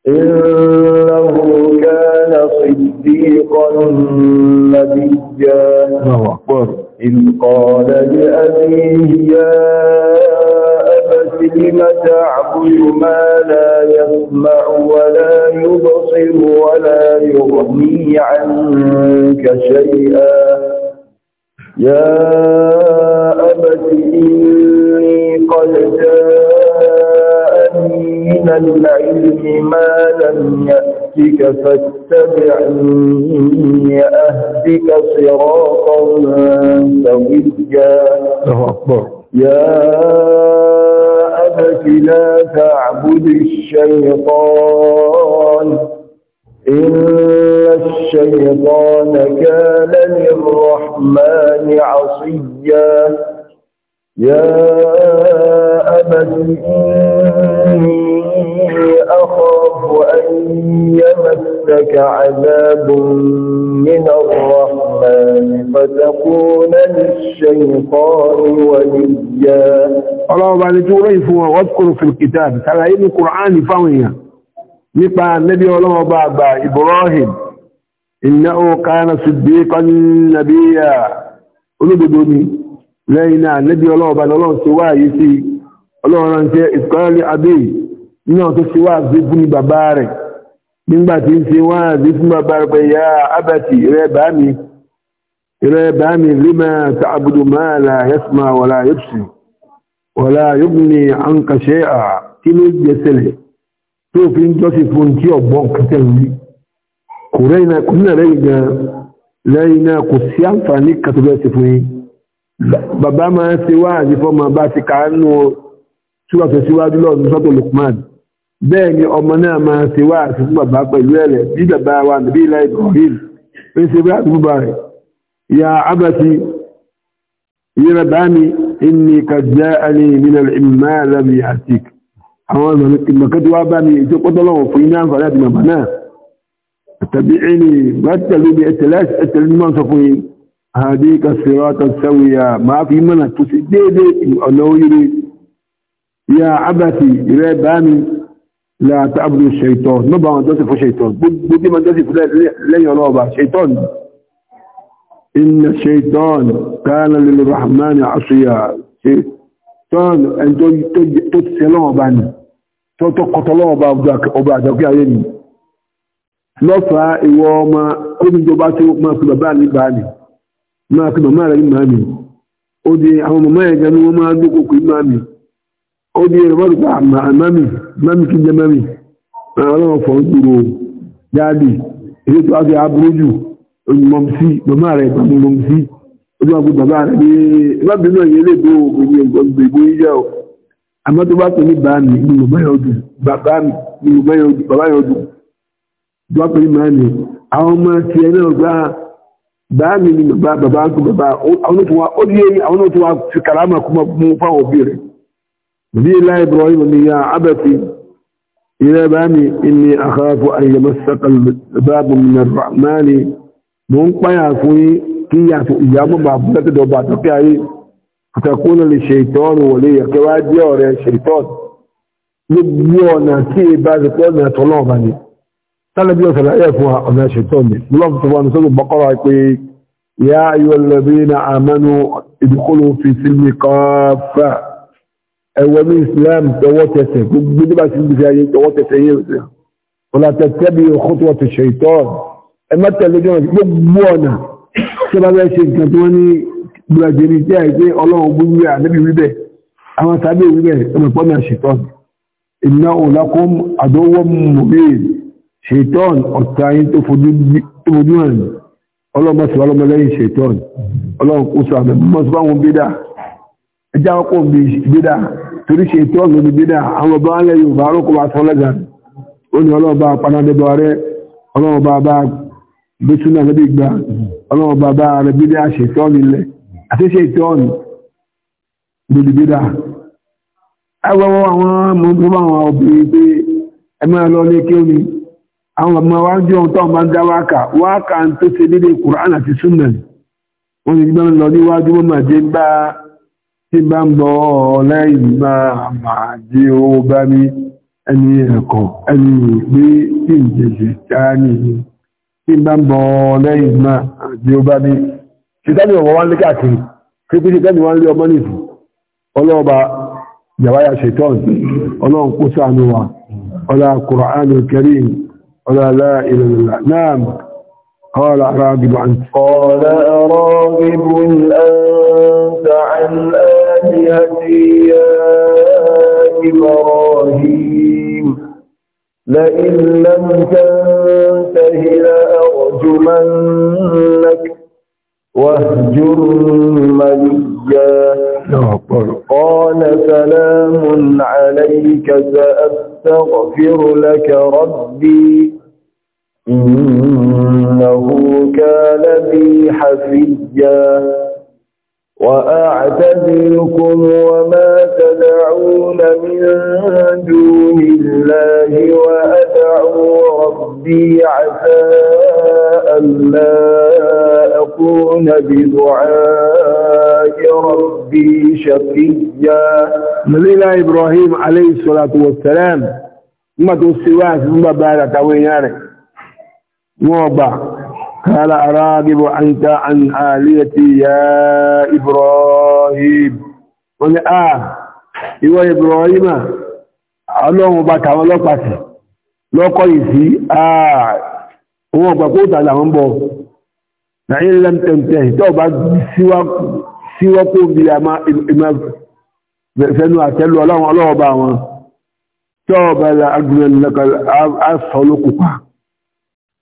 إنه كان صديقا نبيا إذ لم تعبد ما لا يسمع ولا يبصر ولا يغني عنك شيئا يا أبت إني قد جاءني من العلم ما لم يأتك فاتبعني أهدك صراطا سويا الله أكبر يا خلفك لا تعبد الشيطان إن الشيطان كان للرحمن عصيا يا أبت إني إني أخاف أن يمسك عذاب من الرحمن فتكون للشيطان وليا الله بعد جوريف واذكر في الكتاب ترى إن القرآن فويا نبقى النبي الله بعد إبراهيم إنه كان صديقا نبيا قلوا بدوني olóbodoni lẹ́yìn náà nẹ́bí ọlọ́ọ̀bá lọ́lọ́run ti wáyé sí ọlọ́run إذ قال لأبيه níyàn tó ṣe wá àzí fún bàbá rẹ̀ nígbà tí ń ṣe wá àzí fún bàbá rẹ̀ pé ya abati rẹ̀ bá mi rẹ̀ bá mi lima ta'budu ma la yasma wala yubsi wala yubni anka shay'a kí ló jẹ sẹlẹ̀ tó fi ń jọ́sìn fún tí ọ̀gbọ́n kẹtẹ̀ rí kò rẹ́yìn síwájú lọ́dún sọ́tò Lukman bẹ́ẹ̀ ni ọmọ náà máa ṣe wá àti fún bàbá pẹ̀lú ẹ̀rẹ̀ bí bàbá wa nàbí ilá Ibrahim ń ṣe bá àtúbà rẹ̀ ya abati yíra bá mi inni kàjá alẹ́ ìmìnà ìmìnà mi àti àwọn ìmọ̀kẹ́tí wá bá mi ètò pọ́tọ́lọ́wọ̀ fún iná àǹfààní àti màmá náà tàbí ẹni gbátẹ̀lú mi ẹtẹ̀lú mímọ́ sọ لا تعبدوا الشيطان نبع من دسف شيطان بدي من دسف لن ينوبع شيطان إن الشيطان كان للرحمن عصيا شيطان أن تتسلوه بان تتقتلوه بابدك وبعدك يعني lọ́fà ìwọ ọmọ oníjọba tí ó máa fi bàbá ní báàlì máa fi bàbá rẹ̀ ní màámi ó di àwọn màmá ẹ̀gẹ́ ni wọ́n máa dókòkò ní màámi ó ní ẹ̀rọ mọ́rùn-ún àmà mami mami kí jẹ mami ọlọ́wọ́ fọ́ ń gbúrò dáàdì ilé tó wájú aburú jù mọ̀mùsí màmá rẹ̀ pàmò mọ̀mùsí ó ní wọ́n gbé bàbá rẹ̀ ní ìbábi náà yẹ lè bó gbogbo yíyá o àmọ́ tó bá tó ní bàá mi ni bàbá yóò dùn bàbá mi ni bàbá yóò dùn bàbá yóò dùn tó bá tó ní bàá mi àwọn ọmọ tiẹ̀ náà gbá bàá mi ni bàbá bàbá gbé bàbá àwọn tó wá ó ní àwọn tó wá fi kàlámà kú mọ́ fáwọn òbí rẹ̀. نبي الله إبراهيم يا عبتي إلى بامي إني أخاف أن يمسك الباب من الرحمن منقيا فوي كي يعفو إيام بابلة دوباتك أي فتكون للشيطان ولي كواجي أوري الشيطان يبيونا كي بعد قولنا طلابني قال بيوت لا يفوها أنا شيطان الله سبحانه وتعالى بقرة يقول يا أيها الذين آمنوا ادخلوا في سلم كافة ẹ̀wọ̀ ní islam tọwọ́ tẹsẹ̀ gbogbo nígbà tí gbèsè ayé tọwọ́ tẹsẹ̀ yé ọ̀sẹ̀ ọ̀làtẹ̀ tẹ́bi ọkọ̀tọ̀ ọ̀tọ̀ ṣètọ́ ẹ má tẹ̀lé jọ gbogbo ọ̀nà tí wọ́n bá ṣe nǹkan tí wọ́n ní gbìyànjú ní tí àìsí ọlọ́run gbogbo rẹ̀ àdébí wíbẹ̀ àwọn sábẹ́ wíbẹ̀ ẹjá ọkọ̀ bí gbídá torí ṣe tó ọ̀gbẹ̀ gbídá àwọn ọba alẹ́ Yorùbá arókọ̀ bá tọ́lẹ́gà ó ní ọlọ́ọ̀bá panadẹ́bọ̀ rẹ ọlọ́ọ̀bá bá gbẹ́túnà lẹ́bí gbà ọlọ́ọ̀bá bá rẹ gbídá ṣe tọ́ nílẹ̀ àti ṣe tọ́ ní lórí gbídá ẹgbẹ́wọ́ àwọn mọ́tòmọ́ àwọn obìnrin pé ẹ máa lọ ní kí ni àwọn ọmọ wa jọ tó ọmọ ń dá wákà wákà ń tó ṣe nílé Kùránì àti Sunnah wọn ni gbọ́n lọ níwájú mọ́mọ́ tí bá ń bọ́ lẹ́yìn máa máa jí owó bá mi ẹni ẹ̀kọ́ ẹni ìgbé tí ń jẹjẹ jáàní ni tí bá ń bọ́ lẹ́yìn máa jí owó bá mi ṣìtẹ́lì ọ̀wọ́ wọ́n lé káàkiri kíkí ṣìtẹ́lì wọ́n lé ọmọ nìfù ọlọ́ọ̀bá yàwáyà ṣetán ọlọ́run kó ṣàánú wa ọlá Qur'anul Karim ọlá la ilaha قال راغب عنك قال راغب أنت عن آلهتي يا إبراهيم لئن لم تنته لأرجمنك واهجر مليا قال سلام عليك سأستغفر لك ربي إنه كان بي حفيا وأعتزلكم وما تدعون من دون الله وأدعو ربي عسى ألا أكون بدعاء ربي شقيا نبينا إبراهيم عليه الصلاة والسلام ما توسواس ما بارك وينارك موضع قال أراغب أنت عن آليتي يا إبراهيم wọ́n ni àà ìwọ Ibrahima ọlọ́run bá tàwọn lọ́pàtì lọ́kọ́ ìsí àà wọn ọgbà kó tàà làwọn bọ̀ na ilẹ̀ tẹ̀mtẹ̀ tó bá síwọ́pọ̀ bí a máa fẹ́nu àtẹ́lú ọlọ́run ọlọ́ọ̀bá wọn tó bá la agbẹ̀lẹ́kọ̀ọ́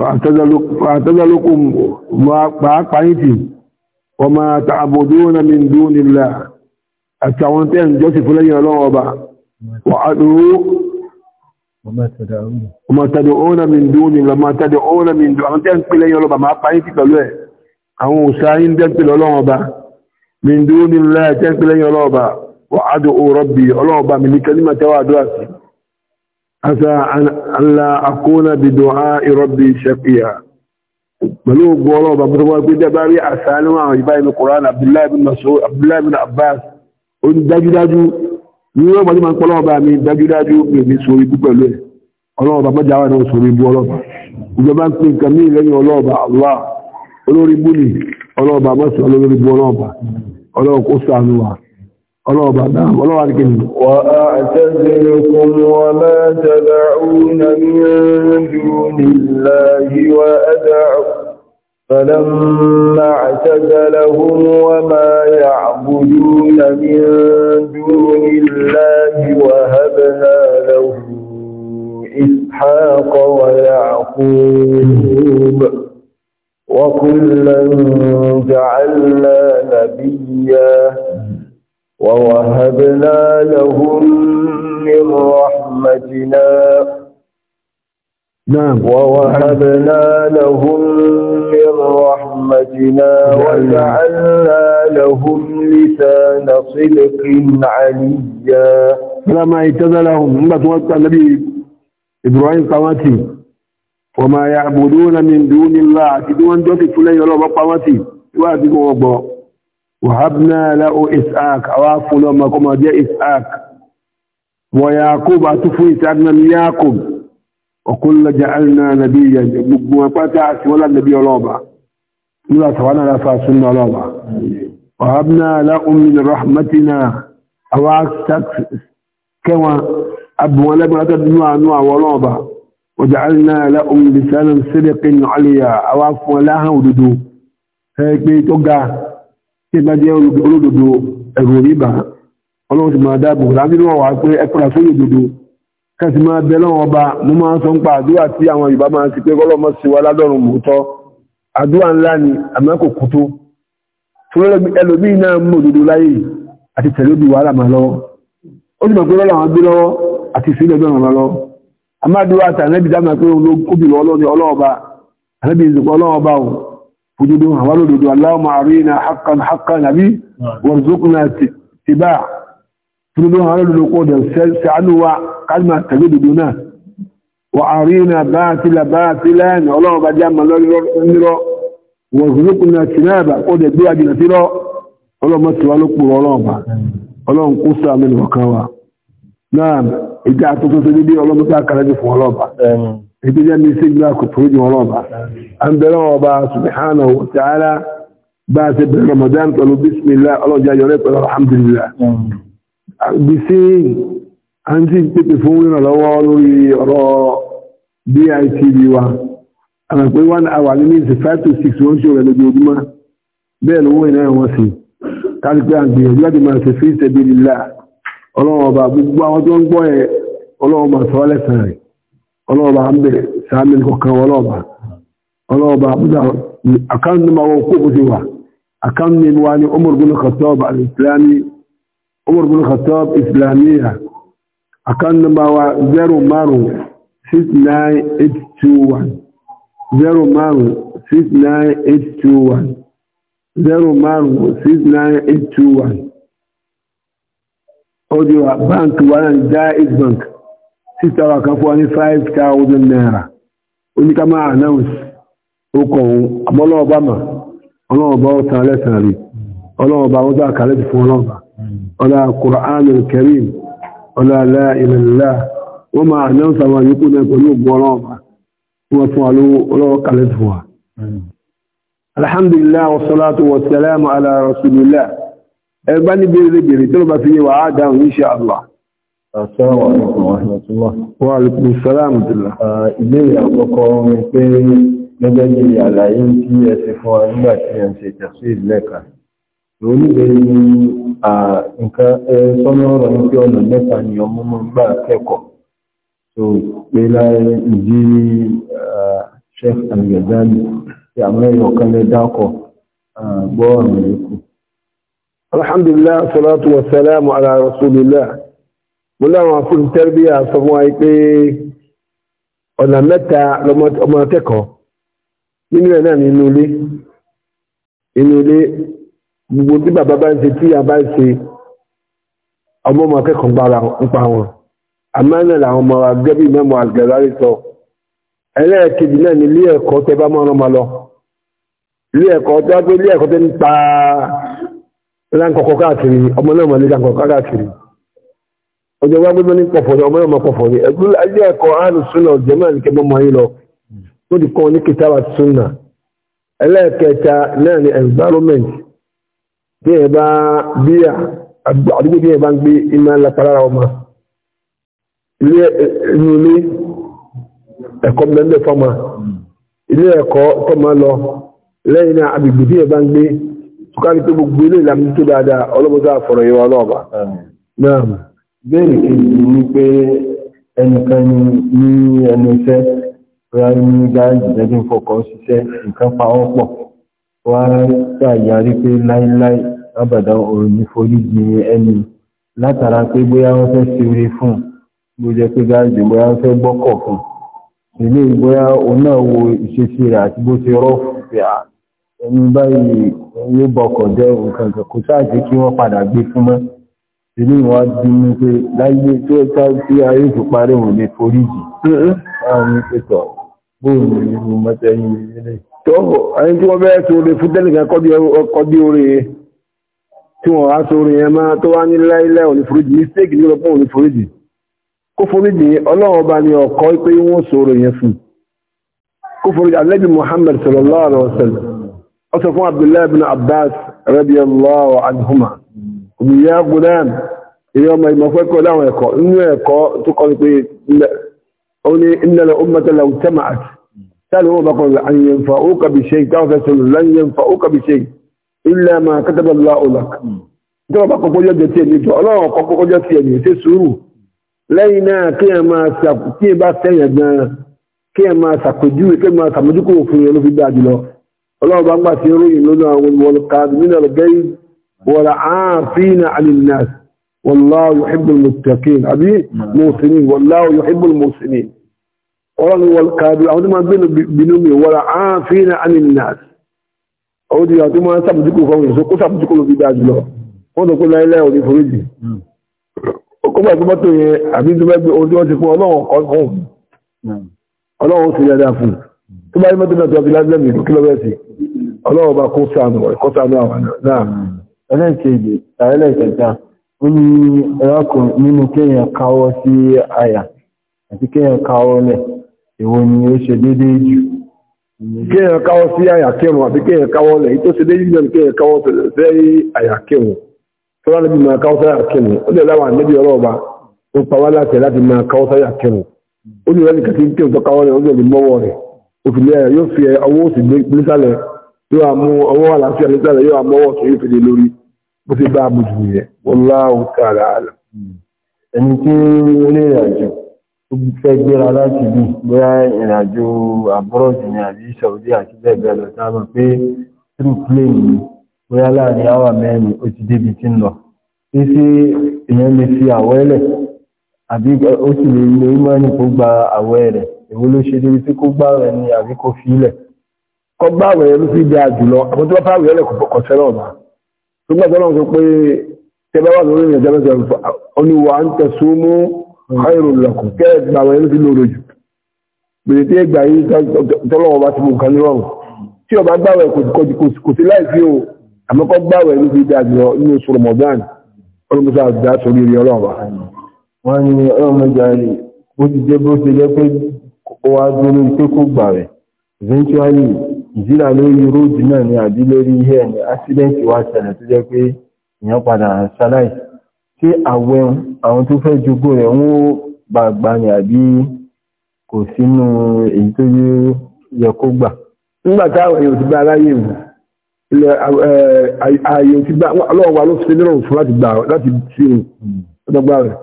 fàtàzàlókùn pàápàá ní ti wọ́n máa ta àbòdó na min dúnni lá àtàwọn tẹ́ ń jọ́sì fún lẹ́yìn ọlọ́wọ́ ọba wà á dúró ọmọ tàdé ọ́nà min dúnni lá máa tàdé ọ́nà min dúnni àwọn tẹ́ ń pè lẹ́yìn ọlọ́ba máa pa ní ti pẹ̀lú ẹ̀ àwọn òṣàáyí ń tẹ́ǹpẹ̀ lọ́wọ́ ọba min dúnni lá tẹ́ǹpẹ̀ lẹ́yìn ọlọ́ọba wà á dúró rọ́bì ọlọ́ọba mi ní kẹ́lí asa an la akuna bi du'a rabbi shaqiya pẹ̀lú ogun ọlọ́run bàbá tó wọ́n pé dẹ́bà rí àṣà nínú àwọn ìbá inú koran abdullahi bin mas'ud abdullahi bin abbas ó ní dájúdájú ní wọ́n bá ní máa ń pọ́lọ́wọ́ bá mi dájúdájú mi ní sórí ibú pẹ̀lú ẹ̀ ọlọ́run bàbá jáwà náà sórí ibú ọlọ́ba ìjọba ń pè nǹkan ní ìlẹ́yìn ọlọ́ba allah olórí ibú ni ọlọ́ba mọ́sí olórí ibú ọlọ́ba ọlọ́run kó ṣàánú wa وأعتزلكم وما تدعون من دون الله وأدعو فلما اعتزلهم وما يعبدون من دون الله وهبنا له إسحاق ويعقوب وكلا جعلنا نبيا ووهبنا لهم من رحمتنا نعم ووهبنا لهم من رحمتنا وجعلنا لهم لسان صدق عليا فلما لهم ما توفى النبي إبراهيم قواتي وما يعبدون من دون الله كدوان دوتي فلان يلوم قواتي واتي قوة وهبنا له إسحاق أواف لما كما جاء إسحاق ويعقوب أتفو إسحاق من يعقوب وكل جعلنا نبيا مقاطع ولا نبي لوبا نلا سوانا لا فاسنا لوبا وهبنا له من رحمتنا أواك كما أبو لما تدنوا أنوا ولوبا وجعلنا لهم لسانا صدق عليا أواف ولها وددو هيك بيتوغا tí ìbá jẹ́ olódodo ẹ̀rù oníbà ọlọ́run ti máa dáàbò lábínú ọ̀wà pé ẹkùnrà fún òdodo kẹsì máa bẹ lọ́wọ́ ọba mo máa ń sọ ń pa àdúrà tí àwọn Yorùbá máa ti pé kọ́lọ́mọ sí wa ni àmọ́kò kútó fún náà mú òdodo àti tẹ̀lé òbí wàhálà máa lọ́wọ́ ó sì mọ̀ pé lọ́la àwọn gbé lọ́wọ́ àti وجودهم ولدد اللهم أرينا حقا حقا نبي وارزقنا اتباع وجودهم ولدد قود سعنوا كلمة تجددنا وأرينا باطلا باطلا اللهم بجمع الله وارزقنا اجتنابا قود بيع جنتنا اللهم سوالك بالله اللهم قصة من وكوا نعم إذا أتوقع سيدي اللهم تأكل جفو الله ètò jẹ́ mi sígbà kò fúrújì wọn lọ́ba an bẹ̀rẹ̀ ọba subhanahu wa ta'ala bá a ṣe bẹ̀rẹ̀ ramadan pẹ̀lú bismillah ọlọ́jà yọrẹ́ pẹ̀lú alhamdulillah gbèsè à ń sì pèpè fún ìrànlọ́wọ́ lórí ọ̀rọ̀ bitv wa àmọ́ pé one hour ní ní five to six wọ́n ṣe rẹ̀ lójoojúmọ́ bẹ́ẹ̀ lówó iná wọn sì kárí pé àgbìyànjú láti máa ṣe fi sabilillah ọlọ́wọ́ ọba gbogbo àwọn tó ń gbọ́ ẹ̀ ọlọ́wọ́ máa sọ lẹ́sàn rẹ̀ ọlọ́ọ̀bá ń bẹ̀rẹ̀ sáàmì kọkàn ọlọ́ọ̀bá ọlọ́ọ̀bá búdá àkáǹtì ma wọ́n kó sí wa àkáǹtì ni wa ni Umar bin Khattab al-Islami Umar bin Khattab Islamiyya àkáǹtì ma wa 0569821 0569821 0569821 wa báńkì wa náà Jaiz bank 0569821 sísàwà kan fún wa ní five thousand naira oníká máa announce ó kọ̀ òun àbọ́lọ́ọ̀bá mà ọlọ́ọ̀bá ó tan lẹ́sàn rí ọlọ́ọ̀bá ó dá àkàlẹ́sì fún ọlọ́ọ̀bá ọlá Qur'anul Karim ọlá la ilaha illallah wọ́n máa announce àwọn àyíkú náà pẹ̀lú ògbó ọlọ́ọ̀bá wọ́n fún wa lówó ọlọ́ọ̀ kàlẹ́sì fún Assalamu alaikum wa rahmatullah. Wa alaikum assalam àdìlá. Ìbéèrè àkọ́kọ́ ni pé gẹ́gẹ́ bí àlàyé tí ẹ ti fún wa nígbà tí ẹ ń ṣe tẹ̀sí ìlẹ́ka. Lóníbẹ̀ ni nǹkan sọ́nà ọ̀rọ̀ ní pé ọ̀nà mẹ́ta ni ọmọ mọ́ gbà kẹ́kọ̀ọ́. So, pé láì ìdí Sheikh Al-Ghazali mo láwọn afúnni tẹ́rẹ́bíyà sọ fún wa pé ọ̀nà mẹ́ta ọmọ akẹ́kọ̀ọ́ nínú ẹ̀ náà ní inú ilé inú ilé gbogbo tí bàbá bá ń ṣe tí a bá ń ṣe ọmọ ọmọ akẹ́kọ̀ọ́ gbára nípa wọn àmọ́ náà làwọn ọmọ wa gẹ́bí mẹ́mọ́ àgẹ̀rárí sọ ẹlẹ́ẹ̀kejì náà ní ilé ẹ̀kọ́ tẹ bá mọ́rán ma lọ ilé ẹ̀kọ́ tó wá pé ilé ẹ̀kọ́ tẹ ń pa láńkọ̀kọ́ káàkiri ọmọ náà mọ̀ ọjọ́ wá gbogbo ní pọ̀fọ̀ ní ọmọ ọmọ pọ̀fọ̀ ní ẹgbẹ́ ẹ̀kọ́ àánú súnà jẹ́mọ́ àníkẹ́ mọ́mọ́ yìí lọ ó di kan ní kìtàwà súnà ẹlẹ́ẹ̀kẹta náà ni environment bí ẹ bá bí àdúgbò bí ẹ bá ń gbé iná lápalára ọmọ ilé inú ilé ẹ̀kọ́ mẹ́lẹ̀ fọ́mà ilé ẹ̀kọ́ tó máa lọ lẹ́yìn náà agbègbè bí ẹ bá ń gbé tukari tó gbogbo ilé ìlànà tó dáadáa ọlọ́mọdé àfọ̀rọ̀ yìí wà náà bẹ́ẹ̀rẹ̀ kejì ní pé ẹnìkan ní ẹnu iṣẹ́ rárí ní gáàjì jẹ́jú fọkọ̀ ṣiṣẹ́ nǹkan pawọ́ pọ̀ wá ṣàyàrí pé láíláí lábàdá òòrùn ní forí di ẹni látara pé bóyá wọ́n fẹ́ ṣe fún bó jẹ́ pé gáàjì bóyá wọ́n fẹ́ gbọ́kọ̀ fún ilé ìgbóyá òun náà wo ìṣesí rẹ̀ àti bó ṣe báyìí yóò bọkọ̀ jẹ́ nǹkan kan kò sáà jẹ́ padà gbé fún ilé ìwọ̀n dínú pé láyé tó ká sí ayé tó parí òun lè foríjì láàrin pẹ̀tọ̀ bóòrùn ìlú mọ́tẹ́yìn ilé tọ́wọ̀ ayé tí wọ́n bẹ́ẹ̀ tó lè fún tẹ́lẹ̀kẹ́ kọ́dí orí tí wọ́n á tó orí ẹmá tó wá ní láìlẹ́ òun lè foríjì mistake ní ọlọ́pọ̀ òun lè foríjì kó foríjì ọlọ́run ọba ni ọkọ̀ pé wọ́n sọ̀rọ̀ yẹn fún kó foríjì alẹ́bí Muhammad sallallahu alaihi wasallam òmìnira gudan ilé ọmọ ìmọ̀fẹ́kọ̀ láwọn ẹ̀kọ́ inú ẹ̀kọ́ tó kọ́ pé ó ní ìlẹ̀lẹ̀ ọmọtẹ̀lẹ̀ tẹ́màt tàbí wọ́n bá kọ́ àyẹ̀nfà ó kàbí ṣe ìtàwọn fẹ́sẹ̀ lọ́yẹ̀nfà ó kàbí ṣe ilẹ̀ ma kẹtàbà láòlàk ìjọba bá kọ́kọ́ jẹ́ tiẹ̀ nìjọ ọlọ́run kọ́kọ́ jẹ́ tiẹ̀ nìyẹn ṣe sùúrù lẹ́yìn náà kí ẹ máa kí ẹ bá sẹ́yìn ń gbà sí ròyìn lónà àwọn olùkàdùnmínà lọ́gẹ́yìn والعافين عن الناس والله يحب المتقين أبي موسنين والله يحب الموسنين ورغم والكابل أو ما بين بنومي والعافين عن الناس أو دي أو ما سبتكم فوين سوكو سبتكم في داج لو wọ́n kó láyé láyé òní foríjì ó bá tó bá tó yẹ àbí tó bá gbé ohun tí wọ́n ti fún ọlọ́run ọ̀hún ọlọ́run sì dáadáa fún tó bá yẹ mọ́tò náà tó ọbí lágbẹ́mì kí lọ́wọ́ ẹ̀sìn ọlọ́run bá kó sànù ọ̀rẹ́ kó sànù àwọn náà ẹlẹ́ẹ̀kejì ẹlẹ́ẹ̀kẹta ó ní ẹ̀rọ́kùn nínú kéèyàn káwọ́ sí àyà àti kéèyàn káwọ́ lẹ̀ èwo ni ó ṣe déédéé jù kéèyàn káwọ́ sí àyà kẹwọn àti kéèyàn káwọ́ lẹ̀ tó ṣe déédéé jù kéèyàn káwọ́ sí àyà kẹwọn tó láti máa káwọ́ sí àyà kẹwọn ó lè láwọn àmì ọlọ́ọ̀ba ó pa wá láti láti máa káwọ́ sí àyà kẹwọn ó lè rẹ́ni kàtí kéèyàn tó káwọ́ lẹ̀ ó lè mọ́wọ́ rẹ̀ òfin yóò fi ọwọ́ òsì gbé mú ọwọ́ àlàáfíà nísàlẹ̀ yóò mú ọwọ́ òsì fi lé lórí bó ti bá mú jù yẹ wallahu ta'ala alam ẹni tí ó lè ràjò ó fẹ́ gbéra láti bí bóyá ìrìnàjò àbúrọ̀dì ní àbí Saudi àti bẹ́ẹ̀bẹ́ẹ̀ lọ sáàmù pé through plane ni bóyá láàrin àwà mẹ́rin ó ti débi tí ń lọ tí sí èèyàn lè fi àwẹ́lẹ̀ àbí ó sì lè lo ìmọ̀ọ́nì kó gba àwẹ́ rẹ̀ èwo ló ṣe débi tí kó gbàwẹ̀ ni àbí kó fi ilẹ̀ kó gbàwẹ̀ ló fi dáa jùlọ àbótọ́ bá nígbà tó lọ́wọ́ sọ pé tẹ́bá wà lórí ìrìnàjò mẹ́sàn ó ní wà ń tẹ̀sùn mú khairul lakum kẹ́ ẹ̀gbà wọn ti lòrò jù bèrè tí ẹgbà yìí tọ́lọ́wọ́ bá ti mú nǹkan nírọ̀rùn tí ọba gbàwẹ̀ kò sí láìsí o àmọ́ kọ́ gbàwẹ̀ ló fi dáa jùlọ nínú oṣù Ramadan olùmọ̀sá àdá sórí ìrìn ọlọ́ọ̀bà. wọ́n ní ọmọ ìjà rẹ̀ bó ti jẹ́ bó ti jẹ́ pé ó wá dúró pé kó ìjìlá lórí róòdù náà ni àbí lórí ihe ẹni ásídẹ́ǹtì wá ṣẹlẹ̀ tó jẹ́ pé èèyàn padà ṣaláì tí àwọn àwọn tó fẹ́ jogó rẹ̀ ń gbàgbà ni àbí kò sínú èyí tó yẹ kó gbà nígbà táwọn èèyàn ti gba aláyè wù ilẹ̀ ààyè ti gba ọlọ́run wa ló fi nílò fún láti gbà láti fi ọdọgba rẹ̀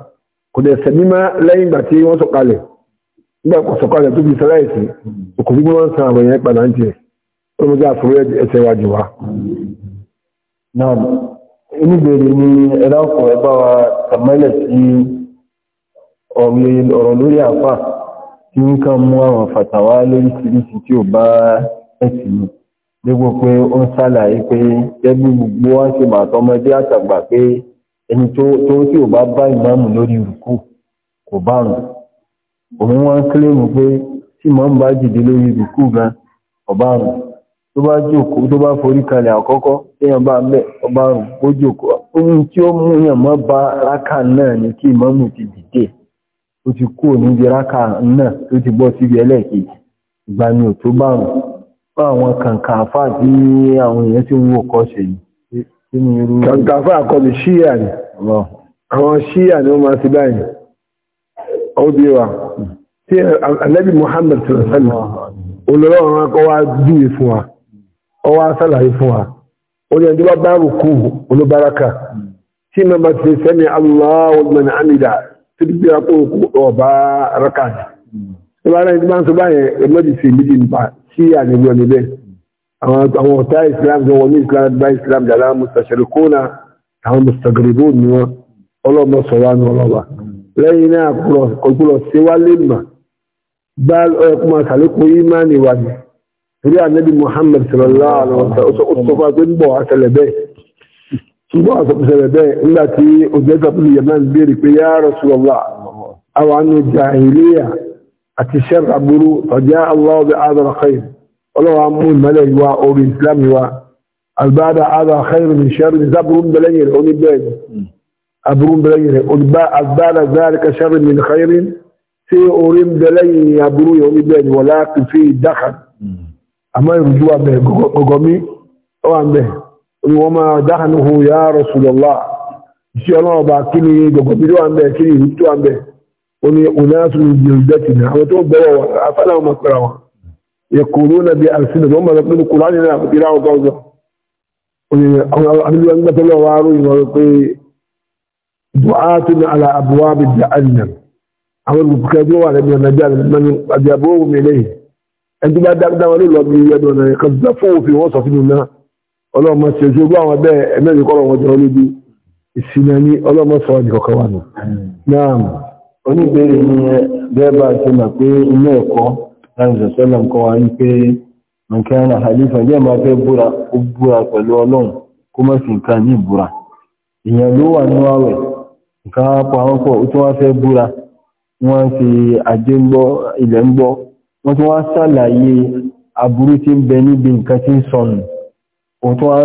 kò dẹ̀ sẹ̀mí má lẹ́yìn ìgbà tí wọ́n sọ̀kalẹ̀ nígbà sọ̀kalẹ̀ tó fi sẹ́láìsì kò fi gbọ́n san àwọn èèyàn padà ń tiẹ̀ ọmọ jẹ́ àfúrú ẹsẹ̀ wájú wa. náà oníbèrè ni ẹ̀dá ọkọ̀ ẹgbà wa tàmílẹ̀ sí ọ̀rọ̀ lórí àfà tí ń kàn mú àwọn fàtàwà lórí sírísì tí ò bá ẹ̀sìn mi dípò pé ó ń ṣàlàyé pé ẹgbẹ́ gbogbo wá sí màá tọmọdé àtàgbà pé ẹni tó tí ò bá bá ìmáàmù lórí rùkú kò bá rùn òun wá ń kílèmù pé tí màá ń bá jìdí lórí rùkú gan ọ̀bá rùn tó bá jókòó tó bá forí kalẹ̀ àkọ́kọ́ téèyàn bá mẹ́ ọba rùn ó jókòó ohun tí ó mú yàn mọ́ bá rákà náà ni kí ìmámù ti dìde ó ti kúrò níbi rákà náà tó ti bọ́ síbi ẹlẹ́ẹ̀kejì ìgbà ni ò tó bá rùn fún àwọn kàǹkàn àfà tí àwọn èèyàn ti ń wò kọ́ ṣe yìí kí ni irú. kàǹkàn àfà àkọlù ṣíyà ni àwọn ṣíyà ni wọ́n máa ti báyìí ó bí wa tí alẹ́bí Muhammad sọ̀rọ̀ sẹ́lẹ̀ olùrọ̀ ọ̀rọ̀ akọ́wá dùn fún wa ọwọ́ asálàyé fún wa ó yẹ ìjọba bá rùkú olóbáraka tí mo bá ti sẹ́mi Allahu liman hamida tó ti gbé apó ọba raka ni tó bá rẹ̀ tí wọ́n sọ báyẹn ẹgbẹ́jì sí méjì nípa sí àgbègbè ọ̀nà bẹ́ẹ̀ àwọn ọ̀tá Islam tó wọ́n ní Islam bá Islam dàlá mustashrikuna àwọn mustaghribun ni wọ́n ọlọ́mọ sọ̀rọ̀ àná ọlọ́ba lẹ́yìn náà kọ̀ọ̀kọ̀ síwálé mà bá ẹkùn àtàlékún ìmánì wà ní torí ànábì Muhammad sallallahu alaihi wa sallam ó sọ fún pé ń bọ̀ àṣẹlẹ̀ bẹ́ẹ̀ ń bọ̀ àṣẹlẹ̀ bẹ́ẹ̀ nígbà tí òjẹ́ta bíi yamman béèrè pé ya Rasulullah àwọn àánú jahiliya àti sẹ́rà burú ọjà Allah bi adara khair ọlọ́wà mú ìmọ̀lẹ̀ wa orí Islam wa albada adara khair min sẹ́rì ní sábúrú ń bẹ̀lẹ̀ yẹrẹ oní bẹ́ẹ̀ aburú ń bẹ̀lẹ̀ yẹrẹ albada zalika sẹ́rì min khairin tí orí ń bẹ̀lẹ̀ yẹrẹ aburú yẹrẹ oní bẹ́ẹ̀ wọlá kìfì dákàtà amma ìrújú wa bẹ̀ gọgọmí ó wà ń bẹ̀ ni wọ́n máa dáhànúhu ya Rasulullah iṣẹ́ ọlọ́ọ̀bá kí ni gọgọmí tó wà ń bẹ̀ kí ni ìrújú tó wà na bẹ̀ ó ní onásùn ìjẹ́ tìǹà àwọn tó gbọ́wọ́ wa afẹ́lẹ́ àwọn ọmọkùnrin wa yẹkùrú na na wọ́n máa pín kùrán nínú àfẹ́kìrá ọgọ́ ọgọ́ àwọn àdúgbò ń wa rú du'atun ala abwab jahannam àwọn olùkẹ́jọ́ wà lẹ́bi ọ̀nà jẹ́ àdìyàbó omi lẹ́yìn ẹni bá dáadáa ló lọ bí ẹnu ọ̀nà ẹ̀kan tó fún òfin wọ́n sọ sínú náà ọlọ́mọ ṣe ojú ogún àwọn bẹ́ẹ̀ ẹ̀mẹ́rin kọ́ wọn jọ lójú ìsinmi ní ọlọ́mọ sọ ọ́ nìkọ̀kan wà nù. náà oníbèrè ni dẹ́rẹ́bà ṣe mà pé ilé ẹ̀kọ́ láti sọ́lá wa ní pé nǹkan àhàlífà jẹ́ máa fẹ́ búra ó búra pẹ̀lú ọlọ́run kó má sì nǹkan ní ìbúra ló wà nǹkan pa àwọn wọ́n tún wá sàlàyé aburú tí ń bẹ níbi nǹkan tí ń sọnù òun tó wá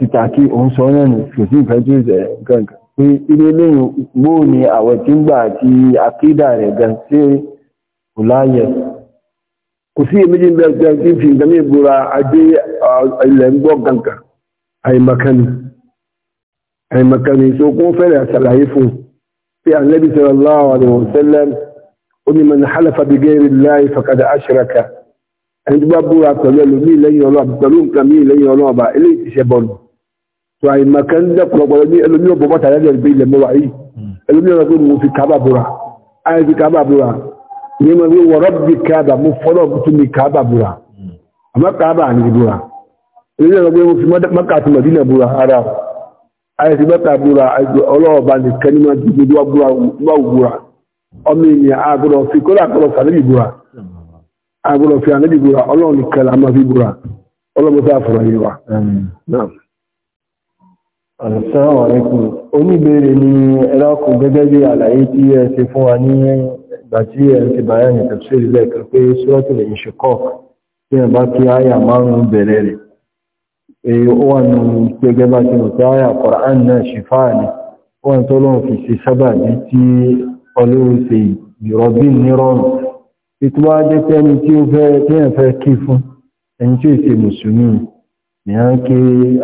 síta kí òun sọ náà nì kò sí nǹkan tí ó jẹ gangan pé ilé lẹ́yìn gbóò ni àwẹ̀ tí ń gbà àti àkídà rẹ̀ gan sí kò láàyè kò sí èméjì ń bẹ gan tí ń fi nǹkan ní ìbúra adé ilẹ̀ ń gbọ́ gangan àìmọ̀kánì àìmọ̀kánì ìṣokún fẹ́rẹ̀ àṣàlàyé fún pé àlẹ́bí sallallahu alaihi wasallam oní mọ̀ ní hálàfà bí gẹ́rì láì fàkàdà aṣíraka ẹni tó bá búra pẹ̀lú ẹlòmí lẹ́yìn ọlọ́ọ̀bà pẹ̀lú nǹkan mí lẹ́yìn ọlọ́ọ̀bà ilé ìṣẹ́ bọ́ọ̀lù tó àìmọ̀kẹ́ ń dẹ́kùnrọ̀pọ̀lọ́ ní ẹlòmí ọ̀bọ̀ bọ́ta lẹ́yìn ìgbé ilẹ̀ mọ́wà yìí ẹlòmí ọ̀rọ̀ pé mo fi kábà búra ayé fi kábà búra ní mo fi wọ̀rọ̀ bí kábà mo fọ́lọ̀ tún mi kábà búra àmọ́ kábà ọmọ ènìyàn agbọ́dọ̀ fi kọ́lá kọ́lọ̀ sàlẹ́bì búra agbọ́dọ̀ fi àlẹ́bì búra ọlọ́run nìkan la máa fi búra ọlọ́run tó àfọ̀rọ̀ yìí wa. Àlùsáwà ẹkùn oníbèrè ni ẹlọ́kùn gẹ́gẹ́ bí àlàyé tí ẹ ṣe fún wa ní ìgbà tí ẹ ti bàyá ní tẹ̀sílẹ̀ lẹ́ẹ̀kan pé sọ́ọ̀tì lè ṣe kọ́ tí ẹ bá kí àyà márùn-ún bẹ̀rẹ̀ rẹ̀. Èyí ó wà nù gẹ́gẹ́ bá ti rò pé àyà Kọ̀rán náà ṣe fáà Wọ́n tó lọ́n fi ṣe sábà ní tí ọlọ́run ṣe ìrọ̀bí nírọ̀rùn ètò wá jẹ́ pé ẹni tí ó fẹ́ tí kí fún ẹni tí ó ṣe mùsùlùmí ni a ń ké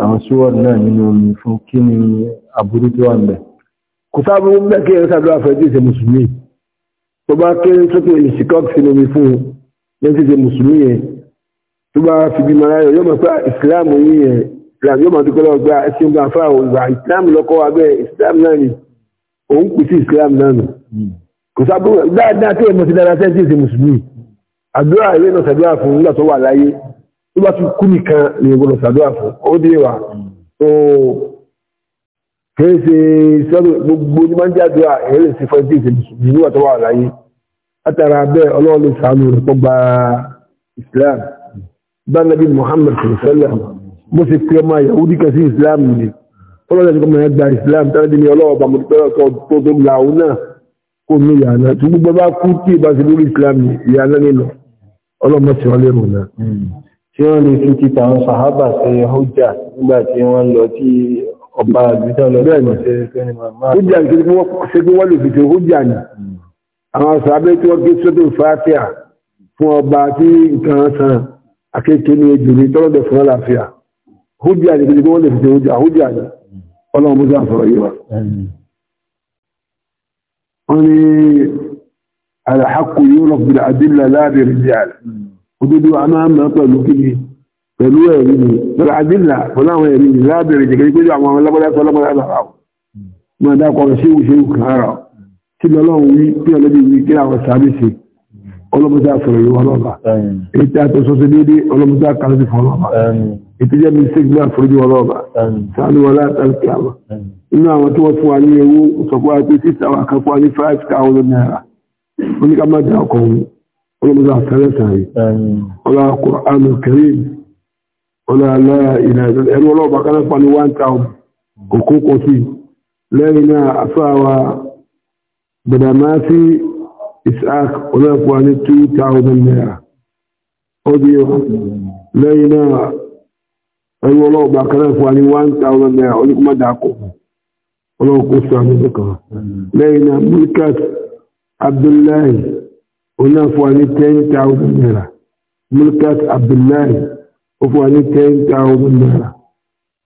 àwọn súwọ́d náà nínú omi fún kí ni aburú tó wà ń bẹ̀ kò sábúrú bẹ́ẹ̀ kí ẹ̀rọ sábúrú àfẹ́ tí ó ṣe mùsùlùmí tó bá ké sókè ìṣìkọ́ sínú omi fún yẹn tí ó wa bẹ́ẹ̀ ìsìláàmù náà ni òun kù sí ìsìláàmù náà nù kò sábò dáadáa tí èmo ti dára sẹ́ńtì ìsìn mùsùlùmí àdúrà ìwé náà sàdúrà fún nígbà tó wà láyé tó bá tún kú nìkan lè gbọdọ̀ sàdúrà fún ó dé wa tó kìí ṣe sọ́dọ̀ gbogbo ní máa ń jádùá èyí lè ṣe fẹ́ntì ìsìn mùsùlùmí nígbà tó wà láyé látara bẹ́ẹ̀ ọlọ́run lè sàánú rẹ̀ tó gba Islam bá nàbí Muhammad sọ̀rọ̀sẹ́lẹ̀ mo sì pé ọmọ Yahudi kan sí Islam ni ọlọ́run lè ṣe kọ́ kó ní ìyànà tí gbogbo bá kú tí ìbá ti lórí Islam ìyànà nínú ọlọ́mọ tí wọ́n lérò náà. Hmm. tí wọ́n lè fi kíta àwọn sàhábà ṣe hujja nígbà tí wọ́n lọ tí ọba àgbẹ̀tàn lọ sí ọ̀sẹ̀ kẹ́ni máa. hujja nítorí pé wọ́n ṣe pé wọ́n lè fi ṣe hmm. àwọn sàhábà tí wọ́n gé sódò fàáfíà fún ọba tí nǹkan san akéèké ní ejò ní tọ́lọ́dẹ̀ fún àlàáfíà hujja ni على الحق يورف بالأدلة لا برجال ودودو أمام ما قالوا كذي قالوا يا ريني بالأدلة ولا يا لا برجال يقولوا أمام لا بلا ولا بلا لا ما دا قال شيء وشيء كهرا كل الله وي كل الذي وي كلا وسابسي ولا بد أفرج ولا بد إنت أتوسط دي ولا بد أكلم في ولا ìtújẹ́ mi sí gbà fúrúdí wọn lọ́ba sáàlù wọn láti alkiyama inú àwọn tí wọ́n fún wa ní ewu sọ̀kọ́ àti títà wà kan fún wa ní five thousand naira ó ní ká má dà ọkọ̀ òun olùmọ̀sá àtẹ́lẹ̀ sàárè ọlá Qur'anul Karim ọlá ilẹ̀ ẹ̀rọ ọlọ́ọ̀bà kan fún wa one thousand kòkó kò lẹ́yìn náà afáwa Badamasi Isaac ọlọ́ọ̀fún wa ní two thousand naira ó ẹ̀rù ọlọ́ọ̀bà kẹrẹ́ fún wa ní one thousand naira oníkùmọ̀dà kò ọlọ́ọ̀kú sọ àmì kan lẹ́yìn náà mulkat abdullahi oná fún wa ní ten thousand naira mulkat abdullahi ó fún wa ní ten thousand naira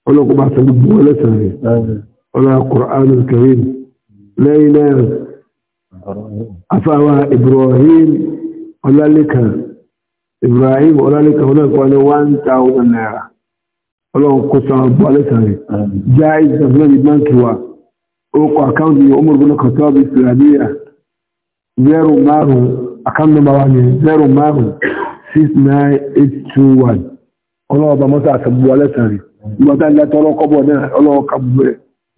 ọlọ́ọ̀kú bá sọ̀rọ̀ bí wọ́n lẹ́sàn rẹ̀ ọlọ́ọ̀ kùránù karim lẹ́yìn náà afáwa ibrahim ọlálẹ́kà ibrahim ọlálẹ́kà oná fún naira ọlọ́run kò san gbọ́ alẹ́sàrẹ̀ já ìsànlẹ́bí báńkì wa orúkọ àkáǹtì Umar bin Khattab ìsìlámíyà zero márùn àkáǹtì nọ́mbà wa ní zero márùn six nine eight two one ọlọ́run ọba mọ́tà àtàgbọ́ alẹ́sàrẹ̀ ìgbà tá ìlà tọrọ kọ́bọ̀ náà ọlọ́run ká gbogbo ẹ̀